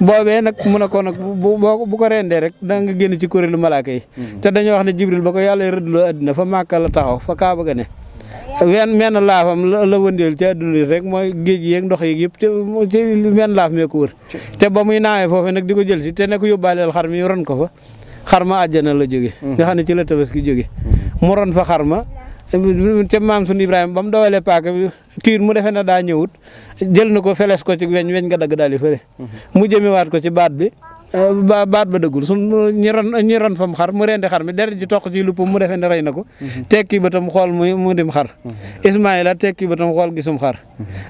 boobee nag mu ne ko nag bu bu ko dee rek da nga génn ci kuréelu malaaka yi mhm. te dañoo wax ne jibril ba ko yàlla rëddloo addina fa màkka la taxaw fa kaaba ga ne wenn menn laafam la wëndeel ci adduna rek mooy géej yeeg ndox yeeg yëpp te ci menn laaf mee ko wër te ba muy naawee foofu nag di ko jël si te ne ko yóbbaaleel xar mi ron ko fa xar ma àjjana la jóge mhm. nga xam ne ci la mhm. mu ron fa xar ma ca maam sunu Ibrahima ba mu dowalee paaka bi kiir mu defee na daa ñëwut jël na ko feles ko ci weñ weñ nga dagg daal fa fële mhm. mu waat ko ci baat bi ba baat ba dëggul suñ ñi ron ñi ron fa mu xar mu rendi xar mi der ji toq ci lupp mu defee ne rey na ko mhm. tekki ba tam xool mu mu dim xar mhm. Ismaila tekki ba tam xool gisum xar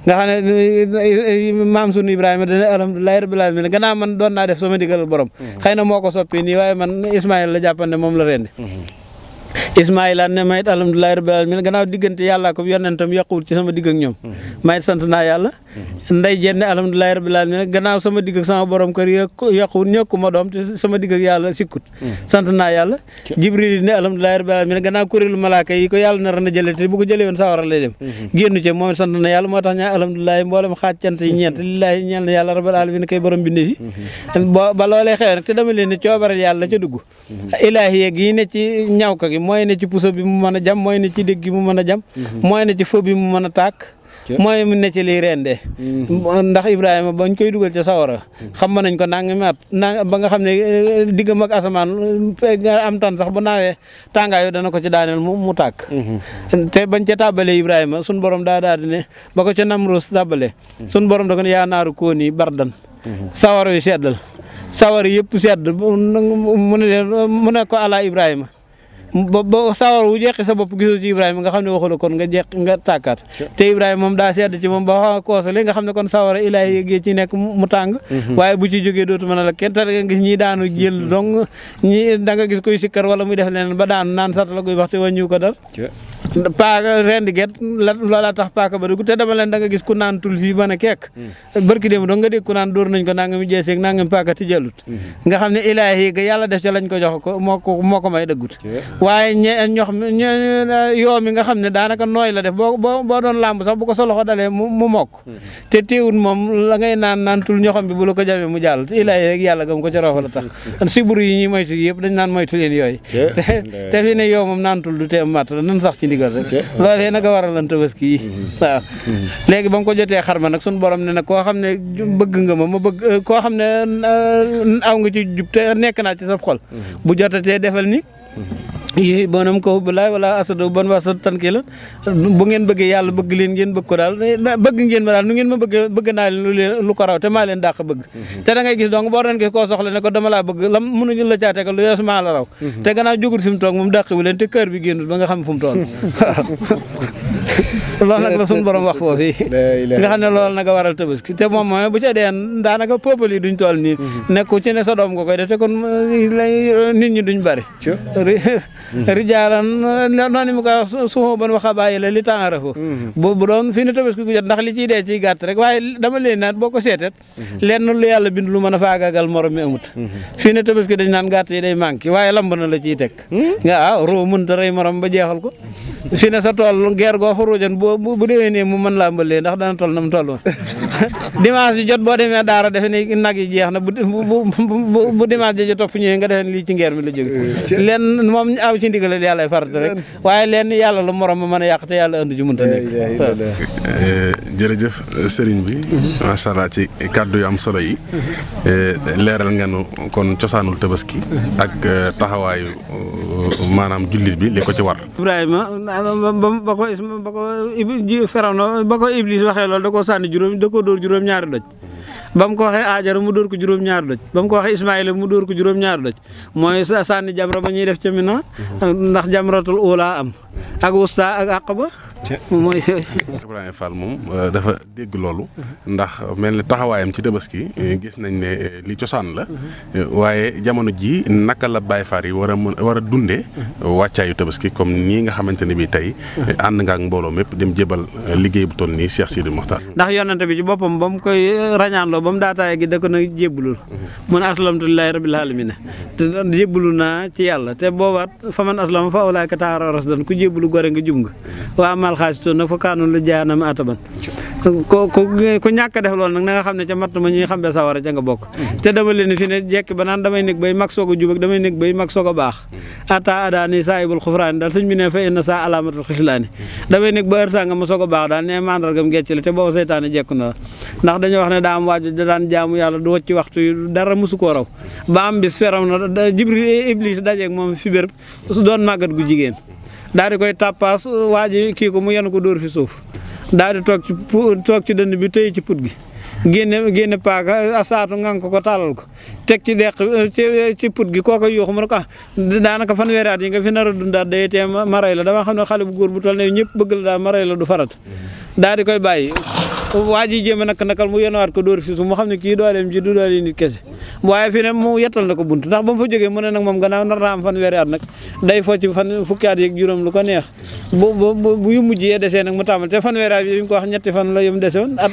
nga xam ne maam sunu Ibrahima dana alhamdulilahi rabbil alamin gannaaw man doon naa def sama digal borom xëy na moo ko soppi nii waaye man Ismaila la jàppan ne moom la Ismaayila ne mayit alhamdulilahi rabbil alamin gannaaw diggante yàllaa ko yonentam yàquwul ci sama digg ak ñoom mm-hmm. mayit sant nday jenn alhamdulilahi rabbil alamin nag gannaaw sama digg ak sama borom kër yàquwul ñokkuma doom te sama digg ak yàlla sikkut hmm. sant naa yàlla jibril ne alhamdulilahi rabbil alamin gannaaw kuréelu malaaka yi ko yàlla nar na jëlee te bu ko jëlee woon sawara lay dem hmm. génnu ci mooy ne ci puso bi mu mën a jam mooy ne ci dégg mu mën a jam hmm. mooy ne ci fo bi mu mën a tàkk mooy mu ne ci lii ren de mm-hmm. ndax Ibrahima bañ koy dugal ca sawara mm-hmm. xam ma nañ ko nangami at ba nga xam ne eh, diggam ak asamaan eh, am tan sax bu naawee tàngaayu dana ko ci daaneel mu mu tàkk mm-hmm. te bañ ca tàbbalee Ibrahima sun borom daa daal ba ko ca Namruus tàbbalee sun borom da ko ne yaa naaru koon yi bardan sawara yu seddal sawara yëpp sedd mu ne mu Ibrahima ba ba sawar wu jeqi sa bopp gisoo ci Ibrahima nga xam ne waxu la kon nga jeq nga tàkkaat te Ibrahima moom daa sedd ci moom ba waxa koosale nga xam ne kon sawara ilaay gi ci nekk mu tàng mm-hmm. waaye bu ci jógee dootu mën a la kenn te nga gis ñi daanu jël dong ñi da nga gis koy sikkar wala muy def leen ba daanu naan sart la koy wax te wàññiw ko dar paaka rendi get loola tax paaka ba dugg te dama leen da nga gis ku naan tul fii ba ne kekk mm. barki nga dégg ku naan dóor ko nangami jeeseeg nangami paaka tijalut mm-hmm. nga xam ne ilaahi ga yàlla def ca lañ ko jox ko moo ko moo ko may dëggut waaye ñe ñox yoo mi nga xam ne daanaka nooy la def boo boo doon làmb sax bu ko soloxo dalee mu mokk mm-hmm. te teewul moom la ngay naan naan tul ñoxam bi bu la ko mu jàll ilaahi rek yàlla gam ko ca roofa la tax mm-hmm. siburu yi ñuy moytu yëpp dañ naan moytu leen yooyu te fi ne yoo moom naan tul du tee mat nan sax ci ndigal dëgër rek loolee nag a waraloon tabaski yi léegi ba mu ko jotee xar ma nag suñu borom ne nag koo xam ne bëgg nga ma ma bëgg eh, koo xam ne eh, aw nga ci jub nekk naa ci sa xol mm-hmm. bu jotatee defal ni mm-hmm. yooyu bonam ko balaay wala asado bon wa asado tan kii la bu ngeen bëggee yàlla bëgg leen ngeen bëgg ko daal bëgg ngeen ma daal nu ngeen ma bëgg bëgg naa leen lu ko raw te maa leen dàq bëgg mhm. te koo soxla la caateka lu yees maa la raw mhm. te gannaaw moom ba nga xam fu mu toll loolu nag la suñu borom wax foofu nga xam ne a waral tabaski te moom bu ca deen daanaka peuple yi duñ toll nii mhm. nekku ci ne sa doom koy def te kon eh, nit ñi duñ bari rijaalan noonu mu ko suhuban wa qabaa'ila li ta'aarafu mhm. bu bu doon fii ne tabaski gu jot ndax li ciy dee ciy gàtt rek waaye dama leen naan boo ko seetet mhm. lenn lu yàlla bind lu mën a faagaagal morom mi amut mhm. fii ne tabaski dañ naan gàtt yi day manqué waaye lamb na la ciy teg nga ah ruu mënta rey morom ba jeexal ko fii ne sa tool geer goo fa ruujan bu bu déwee ne mu mën laa mbalee ndax dana toll na mu toll woon dimanche jot boo demee daara defe ne nag yi jeex na bu bu bu dimanche ji topp ñëwee nga defe ne lii ci ngeer mi la jóge ginnaaw ci ndigal yàlla ay farata rek waaye leen yàlla lu morom ma mën a yàq te yàlla ënd ju mënta nekk eh, jërëjëf eh, sëriñ bi mm-hmm. macha allah ci kàddu yu am solo yi mm-hmm. eh, leeral nga nu kon cosaanul tabaski mm-hmm. ak taxawaayu maanaam jullit bi li ko ci war Ibrahima ba ko ba ko Firawna ba ko Iblis waxee loolu da koo sànni juróom da koo dóor juróom ñaari doj ba mu ko waxee aajara mu dóor ko juróom-ñaar doj ba ko waxee ismaila mu dóor ko juróom-ñaar doj mooy sànni jamra ba ñuy def ca Mina mhm. ndax jamratul ula am ak wusta ak aqaba mooy Ibrahima Fall moom euh, dafa dégg loolu ndax mel ni taxawaayam ci tabaski euh, gis nañ ne euh, li cosaan la waaye jamono ji naka la baay Fall yi war a mën war a dundee wàccaayu tabaski comme nii nga xamante ne bi tey ànd nga ak mbooloo mépp dem jébal liggéey bu toll nii Cheikh Sidi Mokhtar ndax yonante bi ci boppam ba mu koy rañaanloo ba mu daataay gi da ko na jébalul mun la rabil alamin te jébalu naa ci yàlla te boobaat faman aslam fa awlaaka taara rasdan ku jébalu gore nga jub alxaasitu na fa kaanu la jaanam ataban ko ku def loolu nag na nga xam ne ca matt ma ñuy xambe sawara ca nga bokk te dama leen fi ne jekki ba naan damay nekk bay mag soog a jubag damay nekk bay mag a baax daal ne fa inna saa alaamatul ba ërsa nga ma soog a baax daal ne mandargam gecc la te booba seytaane jekku na la ndax dañoo wax ne daa waaju da daan jaamu yàlla du wacci waxtu dara musu raw ba am bis feram na jibril iblis dajeeg moom fi béréb doon màggat gu jigéen daal di koy tàppaas waa ji kii ko mu yenu ko dóor fi suuf daal di toog ci toog ci dënd bi tey ci put gi génne génne paaka asaatu ngan ko ko taalal ko teg ci deq ci put gi kooka yuuxu ma ne ko ah daanaka fanweeri at yi nga fi nar a dundaat day tee maray la dama xam ne xale bu góor bu toll ne ñëpp bëgg la daa maray la du farat daal koy bàyyi waa ji jéem a nak nakal mu yonawaat ko dóor fi su mu xam ne kii dooleem ji du doole nit kese waaye fi ne mu yettal na ko bunt ndax ba mu fa jógee mu ne nag moom gannaaw nar naa am fan weeri at nag day fo ci fan fukki at yeeg juróom lu ko neex bu bu bu yu mujjee desee mu tàmbal te fanweeri at yi ñu ko wax ñetti fan la yum dese woon at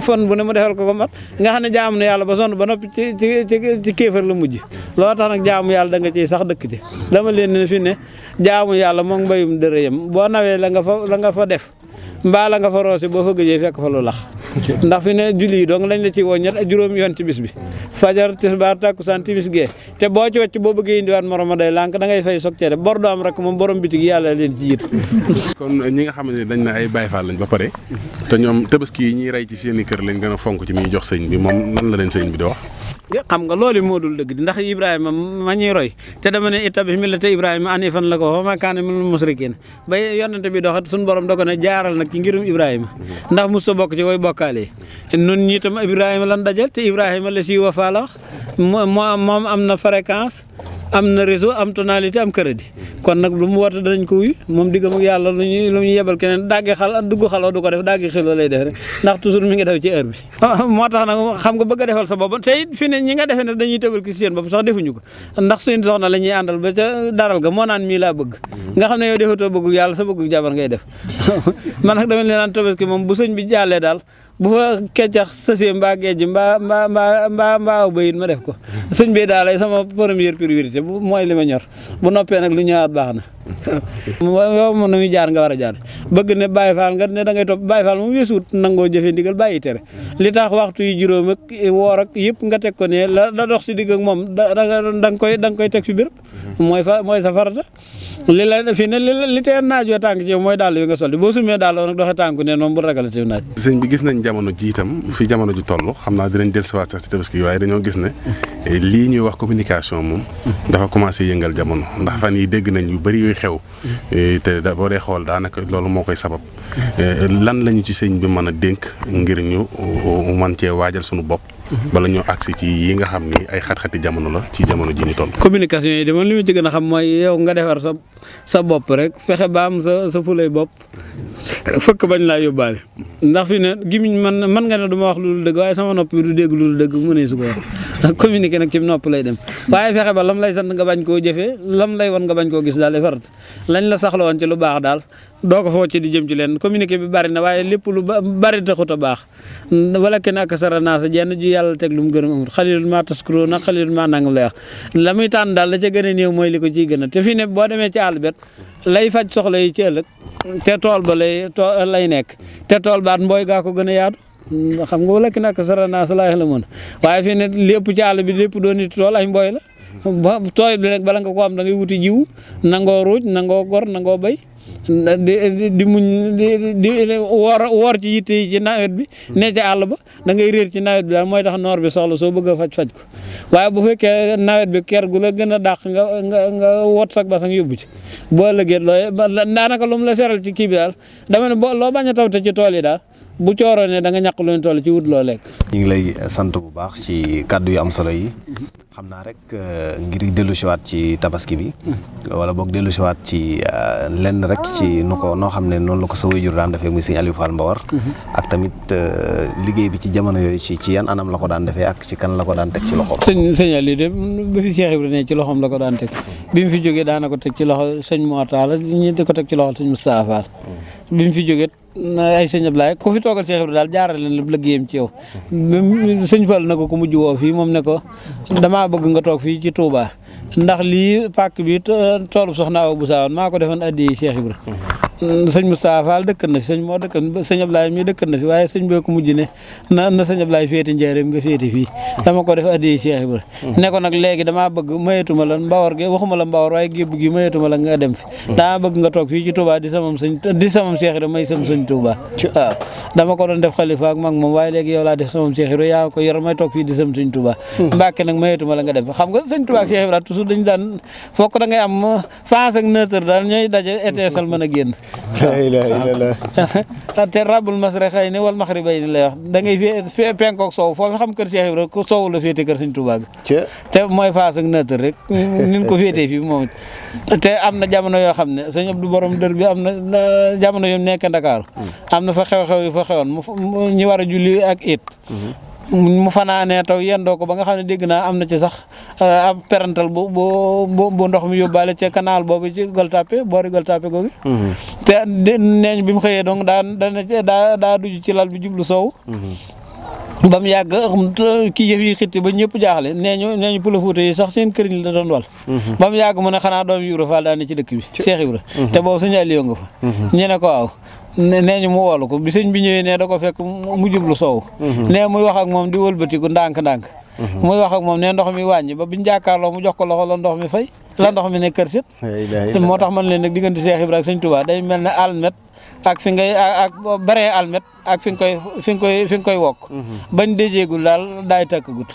fan bu ne ko ko mat xam ne jaam na yàlla ba sonn ba noppi ci ci ci kéefar la mujj loo tax nag jaamu yàlla da nga ciy sax dëkk ci dama leen ne ne jaamu yàlla moom mbayum dërëyam boo nawee la nga fa la nga fa def mbaa la nga fa roose boo fa gëjee fekk fa lu lax ndax fi ne julli yi dong lañ la ci woo ñett juróom yoon ci bi fajar tisbaar takkusaan timis gee te boo ci wàcc boo bëggee indiwaat morom a day lank da ngay fay soog cee def bor du am rek moom borom bitig yàlla leen ci jiitu kon ñi nga xam ne dañ na ay Baay faa lañ ba pare te ñoom tabaski yi ñuy rey ci seen i kër lañ gën a fonk ci muy jox sëñ bi moom nan la leen sëñ bi di wax xam nga loolu moo dul dëgg ndax Ibrahima ma ñuy roy te dama ne ittabi millata Ibrahima anifan la ko wa ma kaana minal musrikiin ba yonent bi doxat suñu borom da ko ne jaaral na ci ngirum Ibrahima ndax mos sa bokk ci way bokkaale nun ñi tam Ibrahima lan dajal te Ibrahima la si wa faala wax moom am na fréquence am na réseau am tonalité am crédit kon nag lu mu warta danañ ko wuyu moom diggam ak yàlla lu ñuy yebal keneen dagge xal dugg xaloo du def dagge xiloo lay def rek ndax toujours mi ngi ci heure moo tax nag xam nga bëgg a defal sa bopp tey fi ne ñi nga defee ne dañuy tëbal ki seen bopp sax defuñu ko ndax suñu soxna la ñuy àndal ba daral ga moo naan mii bëgg nga xam ne yow defatoo bëgg yàlla sa bëgg jabar ngay def man nag dama leen naan tabaski moom bu fa keccax sësee mbaa géej mbaa mbaa mbaa mbaa mbaa aw bayit ma def ko hmm. sëñ bi daal lay sama première bu mooy li ma ñor bu noppee nag lu ñëwaat baax na waaw moom na muy nga war a jaar bëgg ne Baye Fall nga ne da ngay topp Baye Fall moom bàyyi tere li tax waxtu yi juróom ak woor nga teg ko ne la la dox si digg moom da nga da nga koy teg si biir mooy fa mooy sa farata li la fi ne li li tee naaj wa tànk ci mooy dàll yi nga soldi boo sumee dàll nag doxee tànku neen moom bu ragal te naaj sëñ bi gis nañ jamono ji itam fi jamono ji toll xam naa dinañ eh, ñuy wax communication moom dafa commencé yëngal jamono ndax fan yi dégg nañ yu bari xew. Eh, te da boo dee xool daanaka loolu moo koy sabab. Eh, lan lañu ci sëñ bi mën a dénk ngir ñu man cee waajal sunu bopp. bala ñoo agsi ci yi nga xam ni ay xat-xati jamono la ci jamono ji ñu toll. communication yi de man li ma ci gën a xam mooy yow nga defar sa sa bopp rek fexe ba am sa sa fulay bopp fëkk bañ laa yóbbaale. ndax fi ne gimiñ man man nga ne du ma wax lu dul dëgg waaye sama noppi du dégg lu dul dëgg mu ne su ko wax. communiqué nag ci nopp lay dem waaye fexe ba lam lay sant nga bañ koo jëfee lam lay wan nga bañ koo gis daal di farat lañ la saxla woon ci lu baax daal doo ko foo ci di jëm ci leen communiqué bi bari na waaye lépp lu bari taxut a baax wala kenn ak sara naa sa jenn ju yàlla teg lu mu gën a amul xalilul maa taskuroo nag xalilul maa nangam lay la muy tànn daal la ca gën a néew mooy li ko ciy gën a te fii ne boo demee ci àll bet lay faj soxla yi ci ëllëg te tool ba lay lay nekk te tool baat mbooy gaa ko gën a yaatu Mm, xam nga wala ki nag sara naa salaax la mën waaye fii ne lépp ci àll bi lépp doon it ay mbooy la ba tooy bi nag bala nga ko am da wuti jiw nangoo ruuj nangoo gor nangoo béy di di muñ di woor woor ci nawet bi ne ci àll ba da ngay réer ci nawet bi daal mooy tax noor bi soxla soo bëgg a faj ko waaye bu fekkee nawet bi ker gu la gën a dàq nga nga nga wot sax basang yóbbu ci boo ëllëgee looy daanaka lu mu la seral ci kii bi daal dama ne boo loo bañ a tawte ci tool yi daal bu cooroo ne da nga ñàkk lu ñu toll ci wut loo lekk. ñu lay sant bu baax ci kàddu yu am solo yi. xam naa rek euh, ngir dellu dellusiwaat ci tabaski bi. wala boog dellu dellusiwaat ci euh, lenn rek ci nu ko noo xam ne noonu la ko sa waajur daan defee muy sëñ Aliou Fall Mbawar. ak tamit euh, liggéey bi ci jamono yooyu ci ci yan anam la ko daan defee ak ci kan la ko daan teg ci loxoom. sëñ sëñ Aliou de bi fi Cheikh Ibrahima ci loxoom la ko daan teg bi mu fi jógee daan ko teg ci loxo sëñ Mor Talla ñi ko teg bi mu fi jógee ay sëñ Ablaye ku fi toogal Cheikh Ibrahima daal jaarale leen lépp liggéeyam ci yow sëñ Fall na ko ko mujj woo fii moom ne ko damaa bëgg nga toog fii ci Touba ndax lii pàkk bi toolu soxna Awa bu saawoon maa ko defoon addi Cheikh Ibrahima Mm, sëñ Moustapha Fall dëkkan na fi sëñ moo dëkk sëñ Ablaye mii dëkkan na fi waaye sëñ bee ko mujj ne na na sëñ Ablaye féeti njaareem nga féeti fii mm. dama ko def addiya Cheikh Ibra mm. damaa bëgg mayetuma la mbawar gi waxuma la mbawar waaye gébb gi mayetuma la nga dem fi damaa bëgg nga toog fii ci Touba di samam sëñ dama ko doon def xalifa ak mag moom waaye léegi yow laa def samam Cheikh Ibra yaa ko yor may toog fii di sam sëñ nga dem fi xam nga sëñ Touba Cheikh a toujours dañ daan fokk da ngay am fence ak neutre daal ñooy daje eteesal mën a génn la ilaha illallah te rabbul masraqayni wal maxribayni lay wax da ngay fee penkook soow foofu xam kër Cheikh Ibra ko soow la féete kër Sëñ Tuubaa te mooy faas ak nëtër rek nin ko féetee fii moom te am na jamono yoo xam ne sëñ du borom dër bi am na jamono yu nekk Ndakaaru mm. am na fa xew-xew yu fa xewoon ñu war a julli ak it mm-hmm. mu fanaanee taw yendoo ko ba nga xam ne dégg naa am na ci sax euh, ab perantal bu bu bu ndox mi yóbbaale ca canal boobu ci Gueule-Tapée boori Gueule-Tapée googu. Mm-hmm. te neeñ bi mu xëyee donc daa daa daa duj ci lal bi jublu soow. Mm-hmm. ba mu yàgg kii yëf yi xitti ba ñëpp jaaxle nee ñu nee ñu Pël Fuuta yi sax seen këriñ la doon wal mm-hmm. ba mu yàgg mu ne xanaa doom Ibra Fall daa ne ci dëkk bi Cheikh Ibra te boobu suñu Aliou nga fa ñu ne ko waaw nee ñu mu woolu ko bi sëñ bi ñëwee ne da ko fekk mu jublu soow mhm. nee muy wax ak moom di wëlbatiku ndànk-ndànk mhm. muy wax ak moom ne ndox mi wàññi ba biñu jàkkaarloo mu jox ko loxo la ndox mi fay la ndox mi ne moo tax man leen nag diggante Cheikh Ibra ak sëñ Touba day mel ne almet ak fi ngay ak baree almet ak fi koy fi koy fi nga koy wokk mhm. bañ déjeegul daal daay takkagut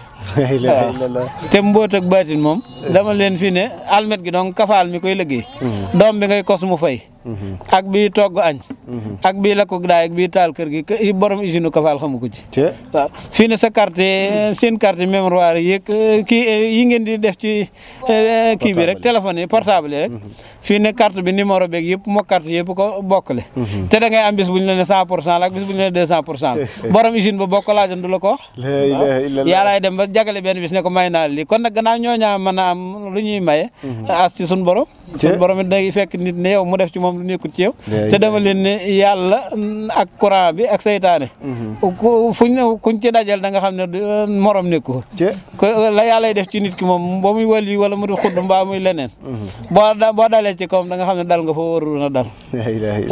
te mboot ak baatin moom eh. dama leen fii ne almet gi donc kafaal mi koy liggéey doom bi ngay kos mu fay Mm-hmm. ak bii togg añ mm-hmm. ak bii la ko daay ak bii taal kër gi borom usine kafaal xamu ko ci fii ne sa carte mm-hmm. seen carte mémoire yëeg kii eh, yi ngeen di def ci eh, eh, kii bi rek téléphone yi portable rek fii ne bi numéro beeg yëpp moo carte yëpp ko bokkale mhm. te da ngay am bis bu ñu la ne cent pour cent la bis bu dem ba jagale benn bis ne ko may naa lii kon nag gannaaw ñooñaa mën a lu ñuy maye mhm. as ci suñu borom suñu borom it nit ne yow mu def ci moom lu nekkul ci yow te dama ne yàlla ak courant bi ak seytaane mhm. fuñ kuñ ci dajal da nga xam ne morom nekku ko la yàllay def ci nit ki moom ba muy wàll yi wala mu di mbaa muy leneen boo dalee dalee ci koom da nga xam ne dal nga foo warul na dal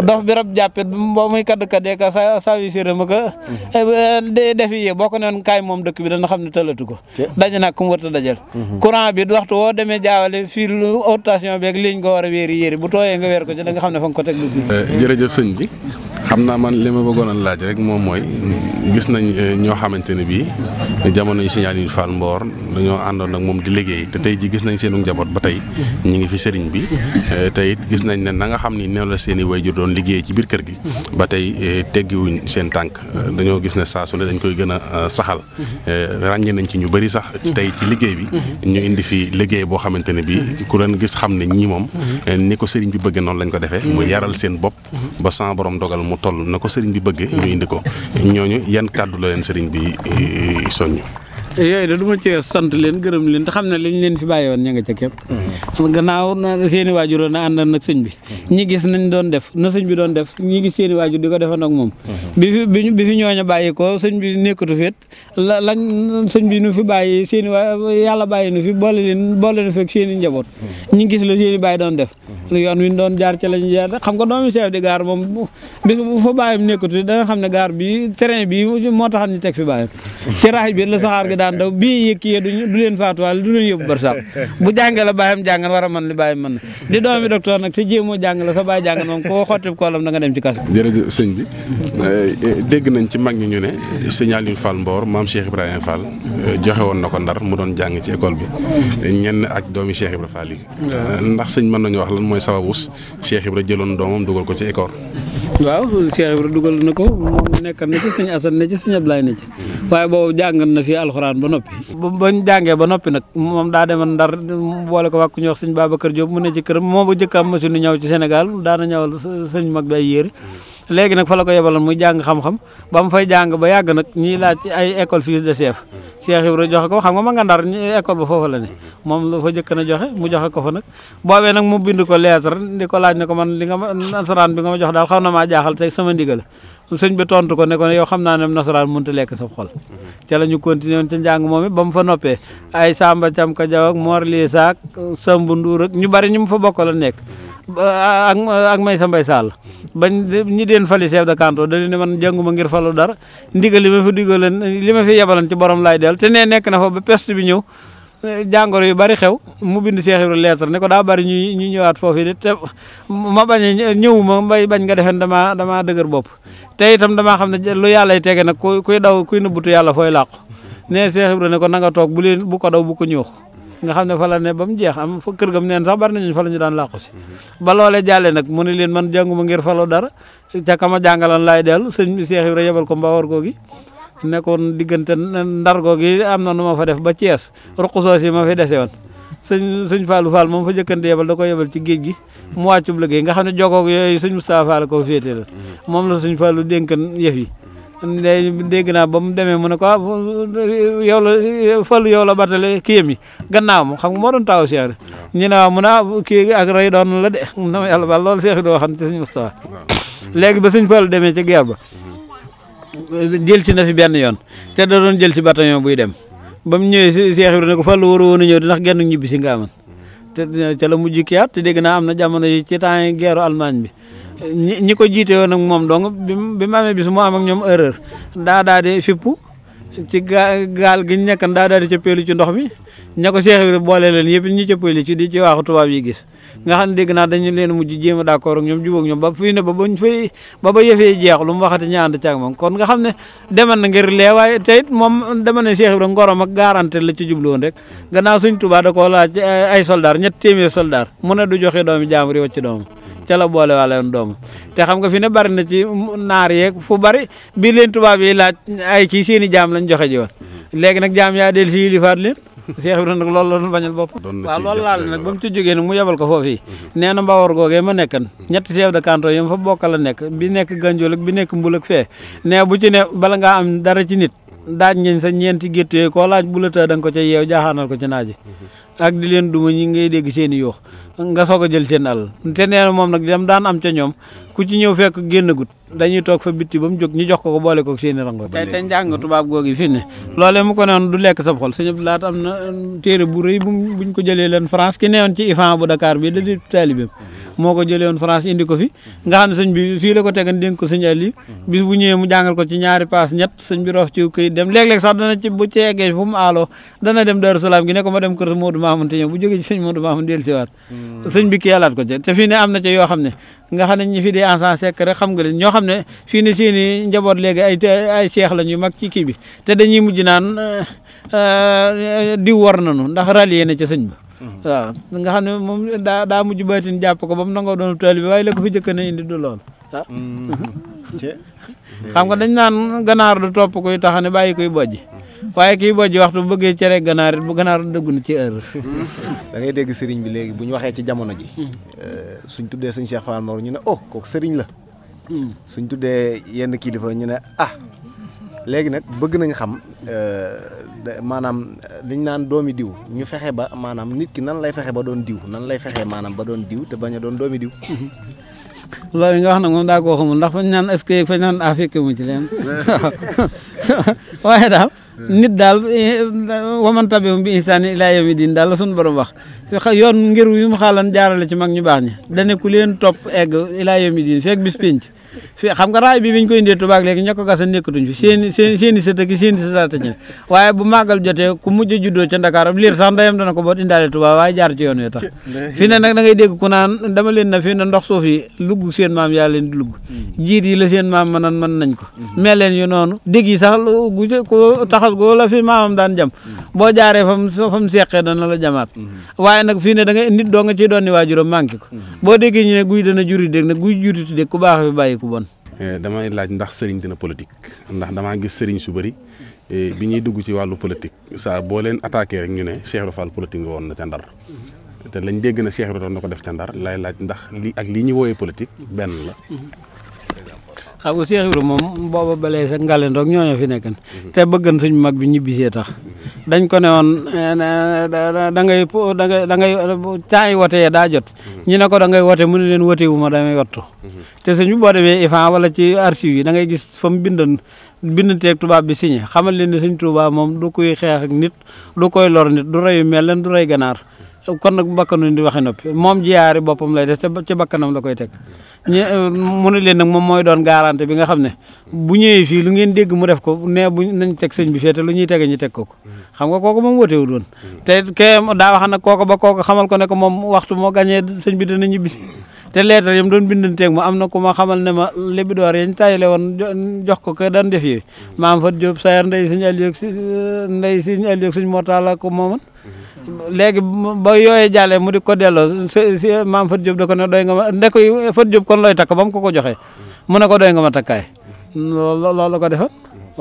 dof bi rab jàppit ba muy kadd kaddee ka sa sawi siré ma ka mhm. eh, eh, defi yee boo ko noon kaay moom dëkk bi dana xam ne tëlatu ko daje nag ku mu warta dajal mhm. courant bi waxtu woo demee jaawale fii lu station beeg liñ ko war a wéeri bu tooyee nga weer ko ci da nga xam ne fa nga ko teg lu eh, jërëjëf sëñ bi xam naa man li ma bëggoon laaj rek moom mooy gis nañ eh, ñoo xamante ne bii jamono yi signal yu Fall Mboor dañoo àndoon nag moom di liggéey te tey ji gis nañ seenu njaboot ba tey ñi ngi fi sëriñ bi eh, te it nañ ne na nga xam ni neew la seeni way jur doon liggéey ci biir kër gi ba tey eh, teggiwuñ seen tànk dañoo gis ne saa ne dañ koy gën a saxal ràññee nañ ci ñu bari sax tey ci liggéey bi ñu indi fi liggéey boo xamante ne bii ku leen gis xam ne ñii moom ni ko sëriñ bi bëgg noonu lañ ko defee muy yaral seen bopp ba sama borom dogal toll na ko sëriñ bi bëggee ñu indi ko ñooñu yan kàddu la leen sëriñ bi eh, soññ yooyu de du ma cee sant leen gërëm leen te xam ne liñ leen fi bàyyi woon ña nga ca képp hmm. gannaaw seeni waajur na àndal nag sëñ bi ñi gis nañ doon def na sëñ bi doon def ñi gis seeni waajur di ko defan ak moom bi fi bi fi ñooñu bàyyi ko sëñ bi nekkatu feet la lañ sëñ bi nu fi bàyyi seeni waa yàlla bàyyi nu fi boole leen boole nu fekk seeni njaboot ñi gis la seeni bàyyi doon def yoon wi doon jaar ci lañu jaar xam nga doomi chef de gaar moom bis bu fa bàyyam nekkatu danga xam ne gaar bi terrain bi moo taxan ñu teg fi bàyyam ci raay bi la saxaar gi daan daw bi yëkki yee du leen faatuwaal du leen yóbbu barsax bu jàngee la bàyyam jàng ngeen war da nga dem ci kas eh, eh, ñu ne sëñ Aliou Fall Mbor maam Cheikh Ibrahima Fall eh, joxe na ko ndar mu doon jàng ci école bi ñenn ak doomi Cheikh Ibrahima Fall yi ndax sëñ mën nañu wax lan mooy sababus Cheikh Ibrahima jëloon doomam dugal ko ci école waaw Cheikh Ibrahima dugal na ko moom nekkan na ci sëñ Assane na ci sëñ Ablaye na ci waaye boobu jàngal na fi alxuraan ba noppi bañ jàngee ba noppi nag moom daa demoon ndar boole ko wàkkuñu wax sëñ kër Diop mu ne ci këram moo ba njëkk am machine ñaw ci Sénégal daana ñawal sëñ mag bi ay yére mm-hmm. léegi nag fa la ko yebaloon muy jàng xam-xam ba mu fay jàng ba yàgg nag ñiy laaj ci ay école fils de chef mm-hmm. Cheikh Ibra joxe ko xam nga ma nga ndar école ba foofu la ne mm-hmm. moom la fa njëkk na joxe mu joxe ko fa nag boobee nag mu bind ko lettre di ko laaj na ko man li nga ma nasaraan bi nga ma jox daal xaw na maa jaaxal tey sama ndigal sëñ ba tontu ko ne ko ne yow xam naa ne nasaraan mënut a lekk sa xol ca la ñu continué woon njàng moom ba mu fa noppee ay Samba Cam Ka Jaw ak Mor Lii Saak Sambu ñu bari ñu mu fa bokk nekk ak may sa mbay sall bañ ñi deen fali chef de canton dañu ne man jànguma ngir falu dara ndigal li ma fi digaleen li ma fi yebalan ci borom laay del te nee nekk na fa ba pest bi ñëw jàngoro yu bari xew mu bind Cheikh Ibrahima lettre ne ko daa bari ñuy ñu ñëwaat foofu de te ma bañ a ñëw ma mbay bañ nga defeen damaa damaa dëgër bopp te itam damaa xam ne lu yàllay tege nag ku kuy daw kuy nëbbutu yàlla fooy làqu ne Cheikh Ibrahima ne ko na nga toog buleen leen bu ko daw bu ko ñuux nga xam ne fa ne ba mu jeex am fa kër gam neen sax bari nañu fa la ñu daan làqu si mhm. ba loole jàllee nag mu ne leen man jànguma ngir falo dara ca ma jàngalan laay dellu sëñ bi Cheikh yebal ko mbaa war gi nekkoon diggante ndargo gi am na nu ma fa def ba Thiès ruqusoos yi ma fi dese woon sëñ sëñ Fallou Fall moom fa jëkkante yebal da ko yebal ci géej gi mu wàccub liggéey nga xam ne jokkoo yooyu sëñ Moustapha Fall ko féete la moom la sëñ Fallou dénkan yëf yi dégg naa ba mu demee mu ne ko ah, yow la Fallou yow la battale kiyam yi gannaaw ma xam moo doon taaw seex ñu ne waaw mu ne ah, kii ak rey doon la de na ma yàlla baal loolu seex yi doo xam ne ci sëñ Moustapha léegi ba sëñ Fallou demee ci guerre mm-hmm. jël si na fi benn yoon te da doon jël si bataillon buy dem ba mu ñëwee si Cheikh Ibrahima ne ko Fallou waroo woon a ñëw di nax genn ñibbi si nga amoon te ca la mujj ki te dégg na am na jamono yi ci temps yi guerre Allemagne bi ñi ko jiite woon ak moom dong bi mu bis mu am ak ñoom erreur daa daa di fippu ci gaal gi ñu nekkan daa daal di cëppeelu ci ndox mi ña ko Cheikh boole len yëpp ñi cëppeelu ci di ci waaxu tubaab yi gis nga xam ne dégg naa dañu leen mujj jéem a d'accord ak ñoom jubóog ñoom ba fii ne ba bañ ba ba yëfee lu mu waxati ñaand caag moom kon nga xam ne deman na ngir lee waaye te it moom deman na Cheikh Ibrahima ngorom ak garanté la ci jubluwoon rek gannaaw suñ tubaab da koo laaj eh, ay soldar ñett téeméer soldaar mu ne du joxe doomi jaambur yi wàcc doomam ca la boole waale woon doom te xam ga fi ne bari na ci naar yeeg fu bari bi leen tubaab yi laaj ay kii seen jaam lañ joxe ji woon hmm. léegi nag jaam yaa del si yilifaat leen Seex Ibra nag loolu la doon bañal bopp waaw loolu laal nag ba mu ci jógee nag mu yebal ko foofii hmm. nee na mbawoor googee ma nekkan hmm. ñetti chef de canton yi ma fa nekk bi nekk Ganjool ak bi nekk Mbul ak fee nee bu ci bala ngaa am dara ci nit daaj ngeen sa ñeenti gétt yooyu koo laaj bu la da ko ca yeew jaaxaanal ko ca naaji ak di leen duma ñi ngay dégg seen i yuux nga soog a jël seen àll te nee moom nag dem daan am ca ñoom ku ci ñëw fekk génnagut dañuy toog fa bitti ba mu ñu jox ko boole ko seen i rango tey te njàng um, bu rëy bu France indi ko fi nga xam ne sëñ ko tegan dénk ko sëñ Aliou bis bu ñëwee mu jàngal ko ci ñaari paas ñett sëñ bi ci këyit dem léeg-léeg sax dana ci bu ci eggee fu mu dana dem Daaru Salaam ne ko ma dem kër Modou Mamoun te ñëw bu jógee ci sëñ Modou Mamoun dellusiwaat hmm. sëñ bi ki yàllaat ko ca te fii am na ca yoo xam ne nga xam ne ñi fi di encan xam nga leen ñoo xam ne fii ne seen i njaboot léegi ay ay la lañu mak ci kii bi te dañuy mujj naan eh, eh, diw war nañu ndax rallié na ca sëñ ba mm-hmm. waaw nga xam ne moom daa daa mujj baytin jàpp ko ba mu nangoo doon taalibe waaye la ko fi jëkk na indi du loolu mm-hmm. ah xam nga dañ naan ganaar du topp kuy tax ne bàyyi koy bojji waaye kii boo ji waxtu bu bëggee cere ganaar it bu ganaar dëggu na ci heure. da dégg sëriñ bi léegi bu ñu waxee ci jamono ji. Euh, suñ tuddee suñ Cheikh Fall Mor ñu ne oh kook sëriñ la. suñ tuddee yenn kilifa ñu ne ah. léegi nag bëgg nañ xam euh, maanaam liñ naan doomi diw ñu fexe ba maanaam nit ki nan lay fexe ba doon diw nan lay fexe maanaam ba doon diw te bañ a doon doomi diw. loolu nga wax nag moom daa koo xamul ndax fañ naan est-ce que fañ naan ah fekk mu ci leen nit daal eh, waman tabium bi ihsaanin ilaa yawmi diin daal la suñu borom wax yoon ngir yu mu xaalan jaarale ci mag ñu baax ñi dane ku leen topp egg ilaa yawmi diin fekk fii xam nga raay bi biñ koy indee tubaab léegi ña ko gasa nekkatuñ fi seeni seen seen i sëtëki seen i sëtaata ci waaye bu màggal jotee ku mujj a juddoo ca Dakar ab liir sax ndeyam dana ko boot indaale tubaab waaye jaar ci yoon wi tax fi ne nag da ngay dégg ku naan dama leen na fi ne ndox suuf yi lugg seen maam yaa leen di lugg mm. jiit yi la seen maam mënan mën nañ ko mm-hmm. mel leen yu noonu dégg yi sax gu ko taxas goo la fi maamam daan jam mm. boo jaaree fam fam seqee dana la jamaat mm-hmm. waaye nag fii ne da ngay nit doo nga ciy doon ni waajuram manqué ko mm-hmm. boo déggee ñu ne guy dana juri dégg nag guy juriti dégg ku baax fi bàyyi ku bon. Eh, damay laaj ndax sëriñ dina politique ndax damaa gis sëriñ su bëri eh, bi ñuy dugg ci wàllu politique saa boo leen attaquer rek ñu ne Cheikh Ibra Fall politique nga woon na ca ndar te lañ dégg na Cheikh Ibra doon na ko def ca ndar lay laaj ndax li ak li ñu wooyee politique benn la. xam nga Cheikh Ibrahima moom booba balee sa ngalendoog ñooñoo fi nekkan mhm. te bëggan suñ mag bi ñibbisee tax mhm. dañ ko ne woon eh, da ngay da ngay caay wotee daa jot mhm. ñu ne ko da ngay wote mu ne leen wote wu ma damay wattu te suñu boo demee ifan wala ci archive yi da ngay gis fa mu bindan bindanteeg tubaab bi signé xamal leen ne suñ tubaab moom du koy xeex ak nit du koy lor nit du reyu mel leen du ganaar kon nag bu bakkanu di waxee noppi moom jiyaari boppam lay def te ci bakkanam la koy teg ñu mu ne leen nag moom mooy doon garante bi nga xam ne bu ñëwee fii lu ngeen dégg mu def ko nee bu nañ teg sëñ bi fee lu ñuy tege ñu teg ko ko xam nga kooku moom wóotewul woon te ke daa wax nag kooku ba kooku xamal ko ne ko moom waxtu moo gàñee sëñ bi dana ñibbisi te leetar yam doon bindanteeg ma am na ku ma xamal ne ma lébi door yañ tayle woon jox ko ke daan def yi maam fat Diop sayar ndey sëñ Aliou ndey sëñ Aliou sëñ Mortala ko moom léegi boo yooyee jaalee mu di ko delloo si maam Fat Diop da ko ne doy nga ma ndekuy Fat job kon looy takk ba mu ko ko joxee mu ne ko doy nga ma takkaay loolu la ko defal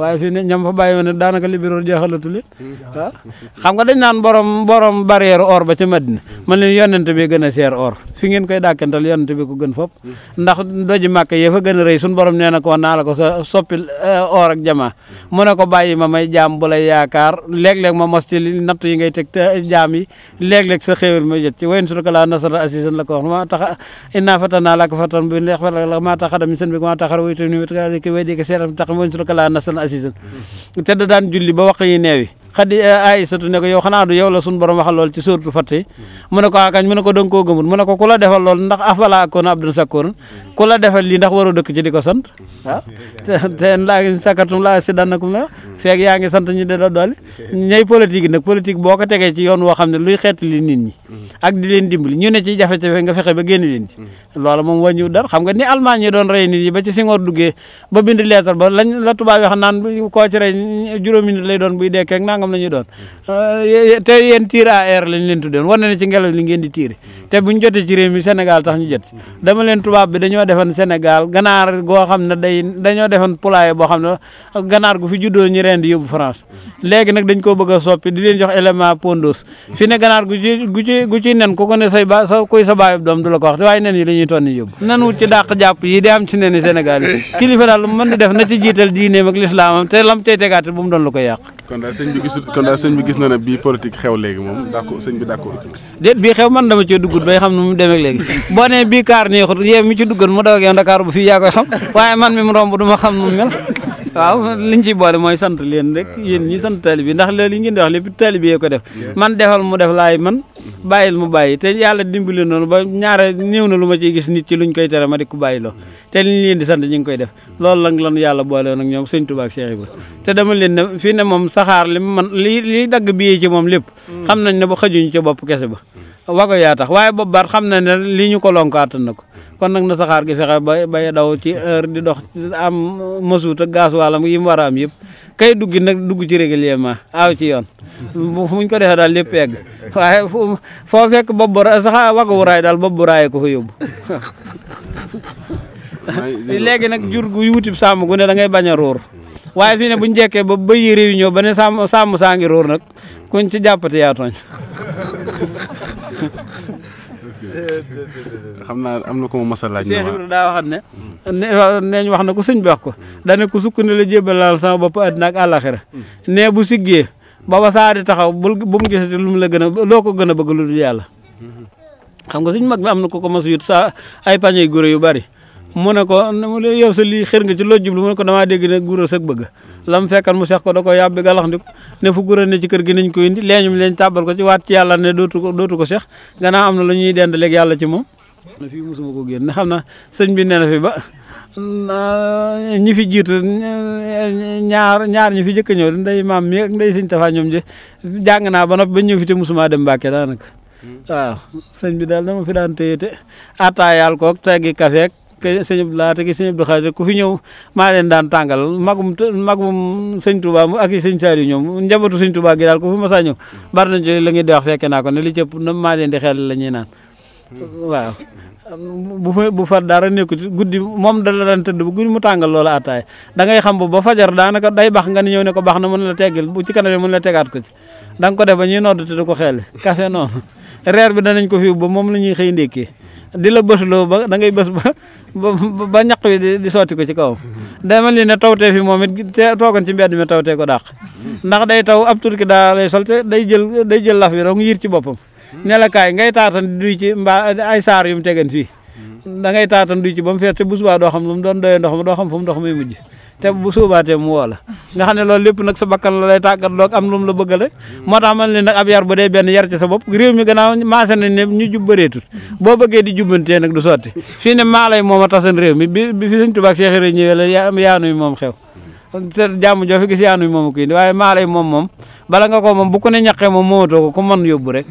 waaye fii ne ñam fa bàyyi woon daanaka li biroor jeexalatu leen hmm. waaw ah. xam dañ naan borom borom barrière ba ca Madina hmm. man leen yonente bi gën a seer or fi ngeen koy dàkkantal yonente bi ko gën fop hmm. ndax doji màkk yee gën a rëy suñu borom nee na ko naa la ko sa soppil eh, or ak jamaa mu ne ko bàyyi ma may jaam bu lay yaakaar léeg-léeg ma mos ci li natt yi ngay teg jaam yi léeg-léeg sa xéewal ma jot ci wayn sunu ko laa nasara asisan la ko wax maa tax innaa fatanaa laka asisan tedd daan julli ba wax yi neewi xadi eh, aysatu ne ko yow xanaa du yow la suñu borom waxal lool ci sóortu fatti mm-hmm. mu ne ko a ah, mu ne ko danga koo gëmul mu ko ku la defal lool ndax afala akoon abdun sakkoon mm-hmm. ku la defal lii ndax waroo dëkk ci di ko sant waaw mm-hmm. ah, te laa ngi sakkatum laa si dannakum la ah. feeg yaa ngi sant ñi de doo doole ñay politique nag politique boo ko tegee ci yoon woo xam ne luy xeetali nit ñi ak di leen dimbali ñi ba ci Senghor duggee ba bind leetar ba la tubaab wax naan koo ci rey juróomi nit lay doon buy dekkee nangam la ñu doon euh, te yéen tir à air lañ leen tuddoon na ne ci li ngeen di tiire te buñ jotee ci réew mi Sénégal tax ñu jot dama leen tubaab bi dañoo defoon Sénégal ganaar goo xam ne day dañoo defoon poulailler boo xam ne ganaar gu fi juddoo ñu reen di yóbbu France léegi nag dañ koo bëgg a soppi di leen jox élément pondos fi ne ganaar gu ci gu ci gu ci nen ko ne say ba sa sa baayu doom du la ko wax te waaye nen yi la ñuy tonni yóbbu nan wut ci dàq jàpp yi di am ci neni Sénégal yi kilifa daal mën di def na ci jiital diineem ak lislaamam te lam cey tegaate bu mu doon lu koy yàq gis kon daal sëñ bi gis na ne bii politique xew léegi moom d' accord sëñ bi d' accord déet bii xew man dama cee duggut bay xam ne mu demee léegi boo ne bii kaar neexut yow mi ci duggoon mu daw Ndakaaru bu fii yaa koy xam waaye man mi mu romb du ma xam nu mu mel waaw liñ ciy boole mooy sant leen rek yéen ñi sant taalibe ndax loolu yi ngeen di wax lépp taalibe yee ko def man defal mu def laay man mm-hmm. bàyyil mu bàyyi te yàlla dimbali noonu ba ñaare néew na lu ma ciy gis nit ci luñ koy tere ma di ko bàyyi loo mm-hmm. te liñ leen di sant ñu ngi koy def loolu la lan yàlla boole nag ñoom sëñ Tuubaa ak Cheikh Ibra mm-hmm. te dama leen na fii ne moom saxaar li man li liy dagg biyee ci moom lépp xam nañ ne ba xajuñ ci bopp kese ba wago yaa tax waaye boobu baat xam na ne lii ñu ko lonk na ko kon nag na saxaar gi fexe ba bay daw ci heure di dox am masuut ak gaas waalam yim mu war yëpp kay duggi nag dugg ci régulièrement aaw ci yoon fu ko defee daal lépp egg waaye foo fekk bopp bu raay saxaar wago bu raay ko fa nag jur gu wutib sàmm gu ne da ngay baña a róor waaye fii ne bu ñu jekkee ba bëyi réunion ba ne sàmm sàmm saa ngi róor nag kuñ ci jàppati yaa xam naa am na ko ma mas a laaj. Cheikh daa waxat ne. nee ñu wax na ko sëñ bi wax ko. Hmm. dane ko sukk ne la jébbalaal sama bopp àddina ak àllaaxira hmm. nee bu siggee ba ba saa taxaw bul bu mu gisati lu mu la gën a loo ko gën a bëgg lu dul yàlla. Hmm. xam nga suñ mag bi am na ko ko mas yut sa ay pañe guro yu bari mu ne ko yow sa lii xër nga ci loo jublu mu ne ko damaa dégg ne guro sag bëgg. lam fekkan mu sex ko da ko yàbbi galaxndiku ne fu gura ne ci kër gi nañ ko indi leeñum leñ tàbbal ko ci waat ci yàlla ne dootu ko dootu ko sex gannaaw am na lu ñuy dend léegi yàlla ci moom na fii mosuma ko génn xam na sëñ bi nee na fi ba ñi fi jiit ñaar ñaar ñi fi jëkk ñëw nday maam mi ak nday sëñ tafaa ñoom je jàng naa ba noppi ba ñëw fi te mosuma dem Mbàkke daanaka hmm. waaw sëñ bi daal dama fi daan téye te attaayaal koog teggi kafeek ka sëñ Abdou Lahad ki sëñ Abdou Khadre ku fi ñëw maa leen daan tàngal magum magum sëñ Touba ak sëñ Saliou ñoom njabootu sëñ Touba gi daal ku fi mas a ñëw bari nañ la ngeen di wax fekke naa ko ne li cëpp na maa leen di xel la ñuy naan bu fa bu far dara nekkut guddi moom da la daan tëdd bu guddi mu tàngal loola attaay da ngay xam ba ba fajar daanaka day bax nga ne ñëw ne ko baax na mën la teggil bu ci kanamee mën la tegaat ko ci da ko def ba ñuy nodd te du ko xel kase noon reer bi danañ ko fi ba moom la ñuy xëy ndékkee di la loo ba da ngay bës ba ba ñaq wi di sotti ko ci kawam day mel ni ne tawtee fi moom it te toogan ci mbedd mi tawtee ko dàq ndax day taw ab turki daa lay solte day jël day jël laf bi dong yiir ci boppam ne la ngay taatan di duy ci mbaa ay saar yu mu tegan fii da ngay taatan duy ci ba mu feete bu subaa doo xam lu mu doon doyee ndox ma doo ji te bu suubaatee mu woo la nga xam ne loolu lépp nag sa bakkan la lay tàggat loog am lu la la bëggale moo tax man ne nag ab yar bu dee benn yar ci sa bopp réew mi gannaaw maase nañ ne ñu jub bëreetut boo bëggee di jubbantee nag du sotti fii ne maa lay moom a tasan réew mi bi bi fi sëñ Tuubaa Cheikh Ibra ñëwee la yaanuy moom xew te jàmm joo fi gis yaanuy moom a ko indi waaye maa lay moom moom bala nga ko moom bu ko ne ñaqee moom moomatoo ko ku mën yóbbu rek